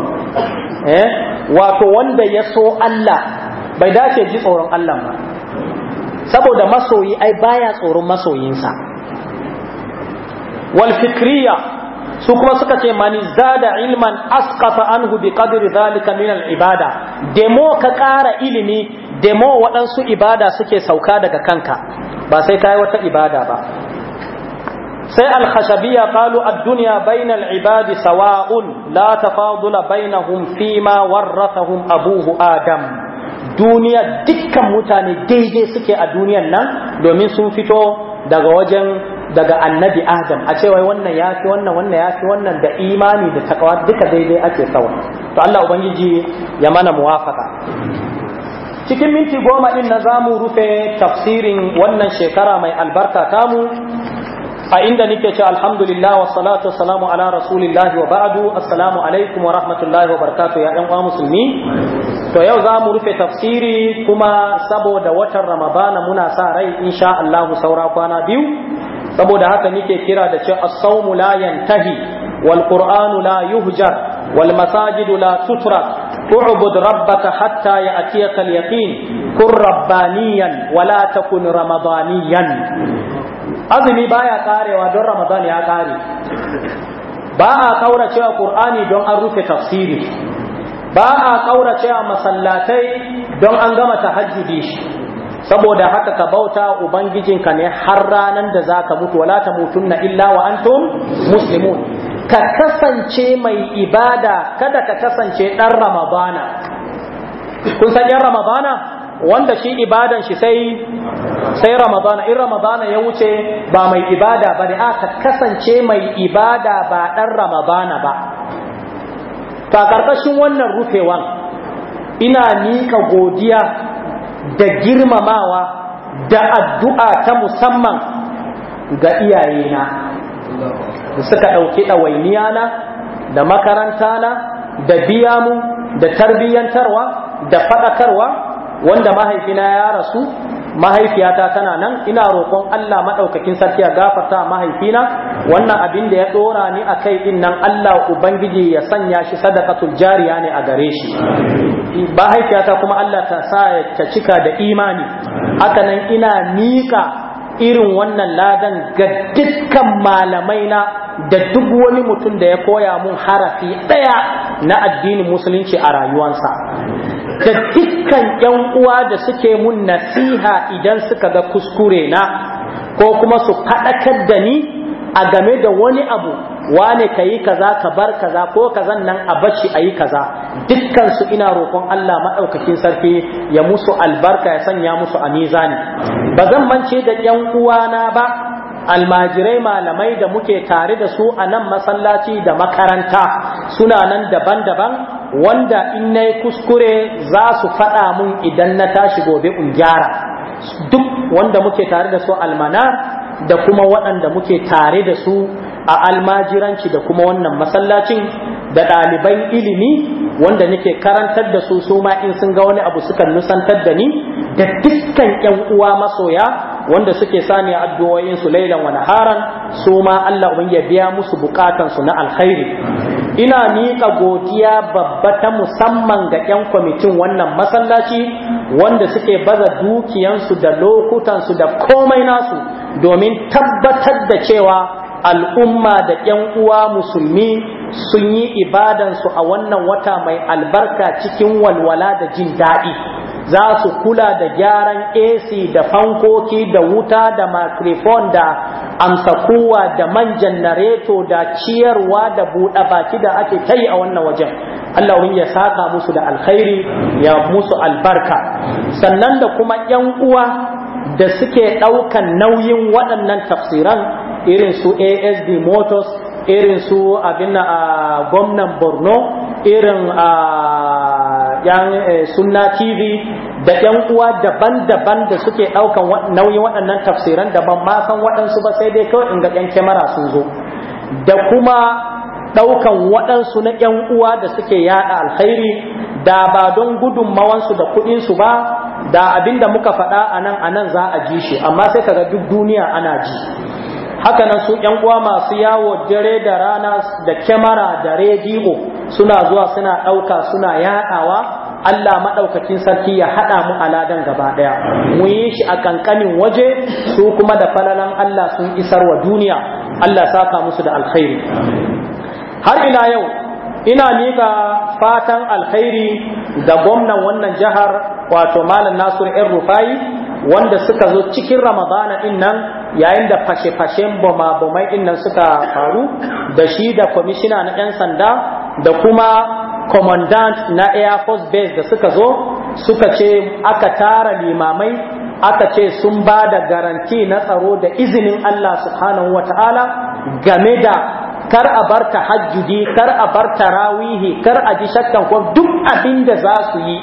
إيه؟ وكوان يسو الله بيداش يجي صورة الله ما سبو دا مسوي أي بايا صورة مسوي إنسان والفكرية su kuma suka ce mani zada ilman asqata anhu bi qadri zalika min al ibada demo ka ƙara ilimi demo waɗansu ibada suke sauka daga kanka ba sai ka yi wata ibada ba sai alhashabiya kalu ad-dunya bainal ibadi sawa'un la tafadula bainahum fima warrathahum abuhu adam duniya dukkan mutane daidai suke a duniyan nan domin sun fito daga wajen daga annabi adam a cewa wannan ya fi wannan wannan ya fi wannan da imani da takawa duka daidai ake sawa to Allah ubangiji ya mana muwafaka cikin minti goma ɗin na zamu rufe tafsirin wannan shekara mai albarka tamu a inda nike ce alhamdulillah wa salatu salamu ala rasulillah wa ba'adu assalamu alaikum wa rahmatullahi wa ya ƴan musulmi to yau za mu rufe tafsiri kuma saboda watan ramadana muna sa rai insha Allah saura kwana biyu saboda haka nike kira da ce as-sawmu la yantahi wal qur'anu la yuhjar wal masajidu la tutrak اعبد ربك حتى يأتيك اليقين كن ربانيا ولا kun ramadaniyan. azumi baya ƙarewa don ramadan ya kare ba a kauracewa qur'ani don an rufe tafsiri ba a kauracewa masallatai don an gama tahajjudi shi saboda haka ka bauta ubangijinka ne har ranan da zaka mutu wala tamutunna illa wa antum muslimun ka kasance mai ibada kada ka kasance ɗan ramadana kun san ɗan ramadana wanda shi ibadan shi sai sai ramadana in ramadana ya wuce ba mai ibada ba ne a ka kasance mai ibada ba ɗan ramadana ba ta ƙarƙashin wannan rufewan ina nika godiya da girmamawa da addu'a ta musamman ga iyayena da suka ɗauki ɗawainiya na da makaranta na da biya mu da tarbiyyantarwa da faɗakarwa wanda mahaifina ya rasu mahaifiyata tana nan ina roƙon Allah maɗaukakin sarki ya gafarta mahaifina wannan abin da ya ɗora ni a kai ɗin nan Allah Ubangiji ya sanya shi sadakatul jariya ne a gare shi mahaifiyata kuma Allah ta sa ta cika da imani haka nan ina miƙa irin wannan ladan ga dukkan malamai na da duk wani mutum da ya koya mun harafi ɗaya na addinin musulunci a rayuwansa da dukkan yan uwa da suke mun nasiha idan suka ga kuskure na ko kuma su faɗakar da ni a game da wani abu wane ka yi kaza ka bar kaza ko kazan nan a bashi a yi kaza dukkan su ina roƙon Allah maɗaukakin sarki ya musu albarka ya sanya musu a mizani ba zan mance da yan uwana ba almajirai malamai da muke tare da su a nan masallaci da makaranta suna nan daban-daban wanda in na kuskure za su faɗa mun idan na tashi gobe in gyara duk wanda muke tare da su almana da kuma waɗanda muke tare da su a almajiranci da kuma wannan masallacin da ɗaliban ilimi wanda nake karantar da su su ma in sun ga wani abu sukan nusantar da ni da dukkan 'yan uwa masoya wanda suke sani addu'o'in su lailan wa naharan su ma Allah ubangiji ya biya musu bukatan su na alkhairi ina miƙa godiya babba ta musamman ga 'yan kwamitin wannan masallaci wanda suke baza dukiyansu da lokutansu da komai nasu domin tabbatar da cewa al'umma da ‘yan uwa musulmi sun yi ibadansu a wannan wata mai albarka cikin walwala da jin daɗi za su kula da gyaran AC da fankoki da wuta da microphone da amsakuwa da man janareto da ciyarwa da buɗe baki da ake ta a wannan wajen Allah ya saka musu da alkhairi ya musu albarka sannan da kuma ‘yan uwa da suke ɗaukan nauyin waɗannan tafsiran irin su asd motors irin su abin a gwamnan borno irin a yan eh, sunna tv da yan uwa daban-daban da suke ɗaukan nauyin waɗannan tafsiran da ban ma san waɗansu ba sai dai kawai in ga yan kyamara sun zo da kuma ɗaukan waɗansu na yan uwa da suke yada alkhairi da ba don mawansu da kuɗinsu ba da abinda muka faɗa a nan a nan za a ji shi amma sai kaga duk duniya ana ji haka nan su yan uwa masu yawo dare da rana da kyamara da rediyo suna zuwa suna ɗauka suna yaɗawa Allah maɗaukakin sarki ya haɗa mu aladan gaba ɗaya mu yi shi a ƙanƙanin waje su kuma da falalan Allah sun isar wa duniya Allah saka musu da alkhairi har ina yau ina miƙa fatan alkhairi da gwamnan wannan jihar wato malam Nasiru yan rufai wanda suka zo cikin ramadana ɗin nan yayin da fashe-fashen boma bamai dinnan suka faru da shi da kwamishina na 'yan sanda da kuma commandant na air force base da suka zo suka ce aka tara limamai aka ce sun ba da garanti na tsaro da izinin Allah subhanahu wa ta'ala game da kar a bar ta hajjudi kar a bar ta rawihi kar a ji shakkan ko duk abin da za su yi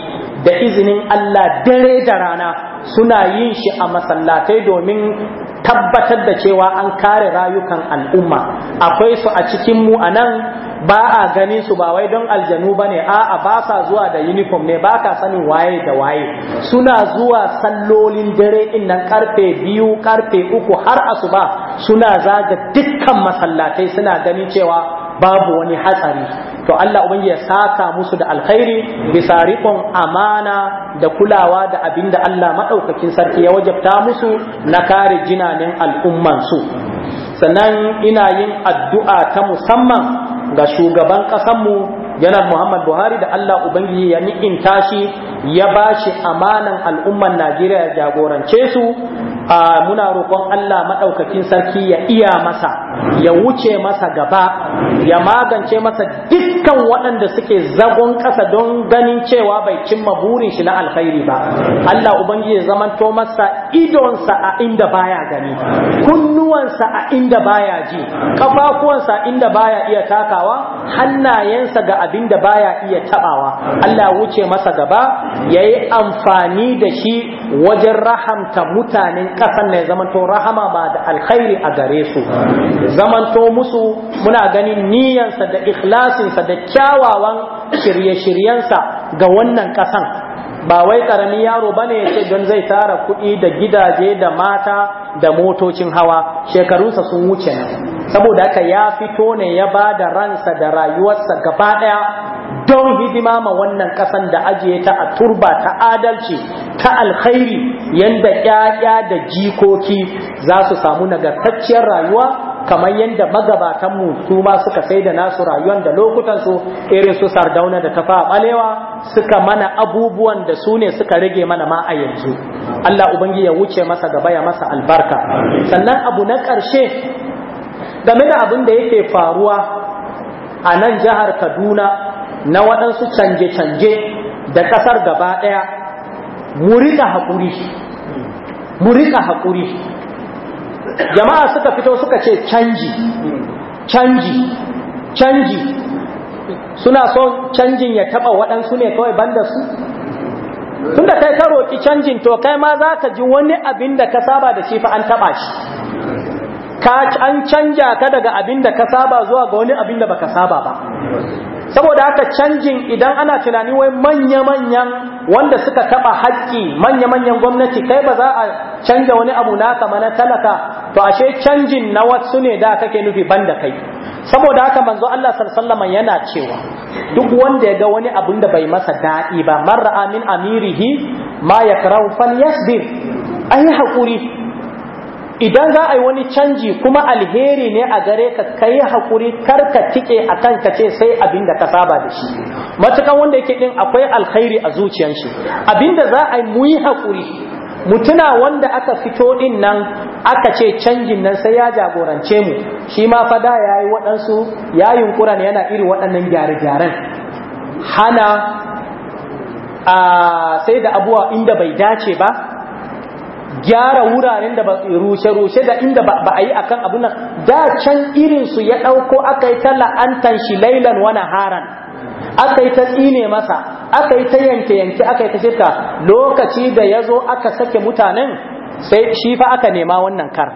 da izinin Allah dare da rana suna yin shi a masallatai domin tabbatar da cewa an kare rayukan al'umma akwai su a cikin mu a nan ba a ganin su ba wai don aljanu ba ne a'a ba sa zuwa da uniform ne ba ka sanin waye da waye suna zuwa sallolin dare in nan karfe biyu karfe uku har asuba suna zaga dukkan masallatai suna ganin cewa babu wani hatsari to Allah ubangi ya saka musu da alkhairi bisa riƙon amana da kulawa da abinda Allah maɗaukakin sarki ya wajabta musu na kare jinanin al'ummansu sannan ina yin addu'a ta musamman ga shugaban ƙasanmu janar Muhammad Buhari da Allah ubangi ya ni'imta tashi ya bashi shi amanan al'umman Najeriya jagorance su muna roƙon Allah maɗaukakin sarki ya iya masa ya wuce masa gaba ya magance masa duk dukkan waɗanda suke zagon ƙasa don ganin cewa bai cimma burin shi na alkhairi ba Allah ubangiji ya zamanto masa idonsa a inda baya gani kunnuwansa a inda baya ji kafafuwansa a inda baya iya takawa hannayensa ga abinda baya iya tabawa Allah wuce masa gaba yayi amfani da shi wajen rahamta mutanen ƙasar ne zamanto rahama ba da alkhairi a gare su zamanto musu muna ganin niyyarsa da ikhlasinsa da kyawawan shirye-shiryensa ga wannan ƙasan ba wai ƙarami yaro ba ne ce don zai tara kuɗi da gidaje da mata da motocin hawa shekarunsa sun wuce nan saboda haka ya fito ne ya ba da ransa da rayuwarsa gaba ɗaya don hidima ma wannan ƙasan da ajiye ta a turba ta adalci ta alkhairi yanda ƴaƴa da jikoki za su samu nagartacciyar rayuwa kamar yadda magabatanmu su ma suka sai da nasu rayuwan da lokutansu irin su sardauna da tafa balewa suka mana abubuwan da su ne suka rage mana ma a yanzu Allah ubangi ya wuce masa gaba ya masa albarka sannan abu na ƙarshe game da abin da yake faruwa a nan jihar Kaduna na waɗansu canje-canje da ƙasar gaba ɗaya mu rika haƙuri mu rika haƙuri jama'a suka fito suka ce canji canji canji suna so canjin ya taba waɗansu ne kawai banda su tunda kai ka roki canjin to kai ma za ka ji wani abin da ka saba da shi fa an taba shi ka an canja ka daga abin da ka saba zuwa ga wani abin da baka saba ba saboda haka canjin idan ana tunani wai manya-manyan wanda suka taɓa haƙƙi manya-manyan gwamnati kai ba za a canja wani abu naka mana talaka to ashe canjin na wasu ne da kake nufi banda kai saboda haka manzo Allah sallallahu yana cewa duk wanda ya ga wani abun da bai masa daɗi ba marra amin amirihi ma yakrahu yasbir ai hakuri. idan za a yi wani canji kuma alheri ne a gare ka kai hakuri kar ka tike a kan ka ce sai abin da ka saba da shi matukan wanda yake din akwai alkhairi a zuciyar shi abin da za a yi mu yi hakuri mutuna wanda aka fito din nan aka ce canjin nan sai ya jagorance mu shi ma fada ya yi waɗansu ya yunkura ne yana iri waɗannan gyare-gyaren hana a sai da abuwa inda bai dace ba gyara wuraren da ba rushe-rushe da inda ba a yi akan abu na. da can irin su ya ɗauko aka yi ta la'antan shi lailan wani haran aka yi ta tsine masa aka yi ta yanke-yanke aka yi ta shirka lokaci da ya zo aka sake mutanen sai shi fa aka nema wannan kar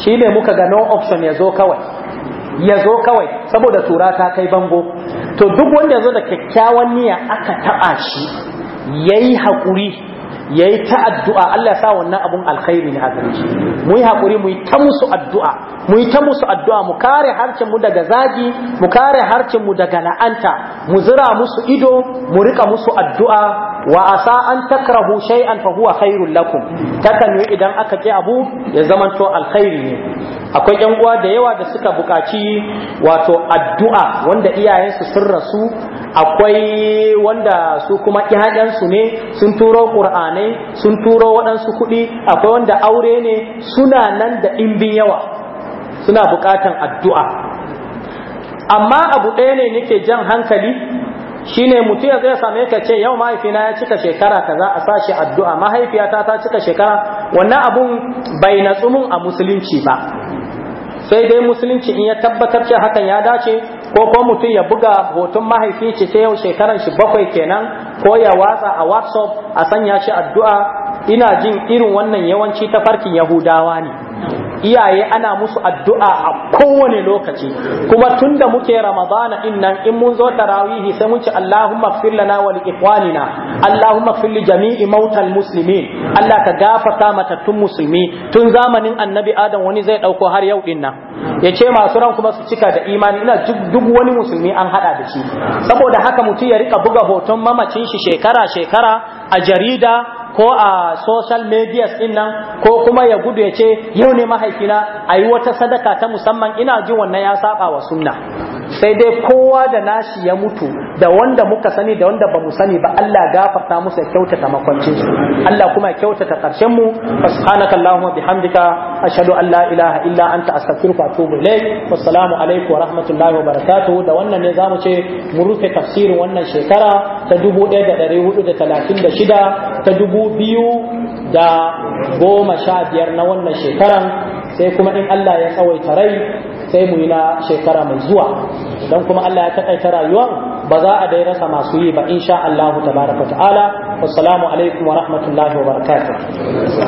shi ne muka ga no option ya zo kawai ya zo kawai saboda tura ta kai bango to duk wanda ya zo da kyakkyawan niyya aka taɓa shi ya yi haƙuri Yayi yi ta addu'a Allah sa wannan abun alkhairi ne haka mu yi haƙuri mu yi ta musu addu'a mu yi ta musu addu'a mu kare harcin mu daga zagi mu kare harcin mu daga la'anta mu zira musu ido mu rika musu addu'a wa asa an takrahu shay'an fa huwa khairul lakum takan idan aka ki abu ya to alkhairi ne akwai yan uwa da yawa da suka buƙaci wato addu'a wanda iyayensu sun rasu akwai wanda su kuma su ne sun turo qur'anai sun turo waɗansu kuɗi akwai wanda aure ne suna nan da ɗimbin yawa suna buƙatan addu'a amma abu ɗaya ne nake jan hankali shine mutum ya zai same ka ce yau mahaifina ya cika shekara kaza a sashi addu'a mahaifiyata ta cika shekara wannan abun bai natsu mun a musulunci ba sai dai musulunci in ya tabbatar ce hakan ya dace ko ko mutum ya buga hoton mahaifi ce ta yau shekaran shi bakwai kenan ko ya watsa a whatsapp a sanya shi addu'a ina jin irin wannan yawanci ta farkin yahudawa ne iyaye ana musu addu'a a kowane lokaci kuma tunda muke ramadana in nan in mun zo tarawihi sai mun ci Allahumma ighfir lana wa liikhwanina Allahumma ighfir li jami'i mautal muslimin Allah ka gafarta matattun musulmi tun zamanin annabi Adam wani zai dauko har yau din nan yace masu ran kuma su cika da imani ina duk wani musulmi an hada da shi saboda haka mutum ya rika buga hoton mamacin shi shekara shekara a jarida ko a social media din nan ko kuma ya gudu ya ce yau ne mahaifina a yi wata sadaka ta musamman ina jin wannan ya saba wa sunna sai dai kowa da nashi ya mutu da wanda muka sani da wanda ba mu sani ba Allah gafarta musu ya kyautata makwancin su Allah kuma ya kyautata karshen mu subhanaka allahumma bihamdika ashhadu an la ilaha illa anta astaghfiruka wa atubu ilaik wassalamu alaikum wa rahmatullahi wa barakatuh da wannan ne zamu ce mu rufe tafsirin wannan shekara ta 1436 ta 2000 da goma sha biyar na wannan shekaran sai kuma in Allah ya tsawaita rai sai mu yi na shekara mai zuwa don kuma Allah ya taƙaita rayuwar ba za a dai rasa masu yi ba insha Allah tabaraka ta'ala wassalamu alaikum wa rahmatullahi wa barakatuh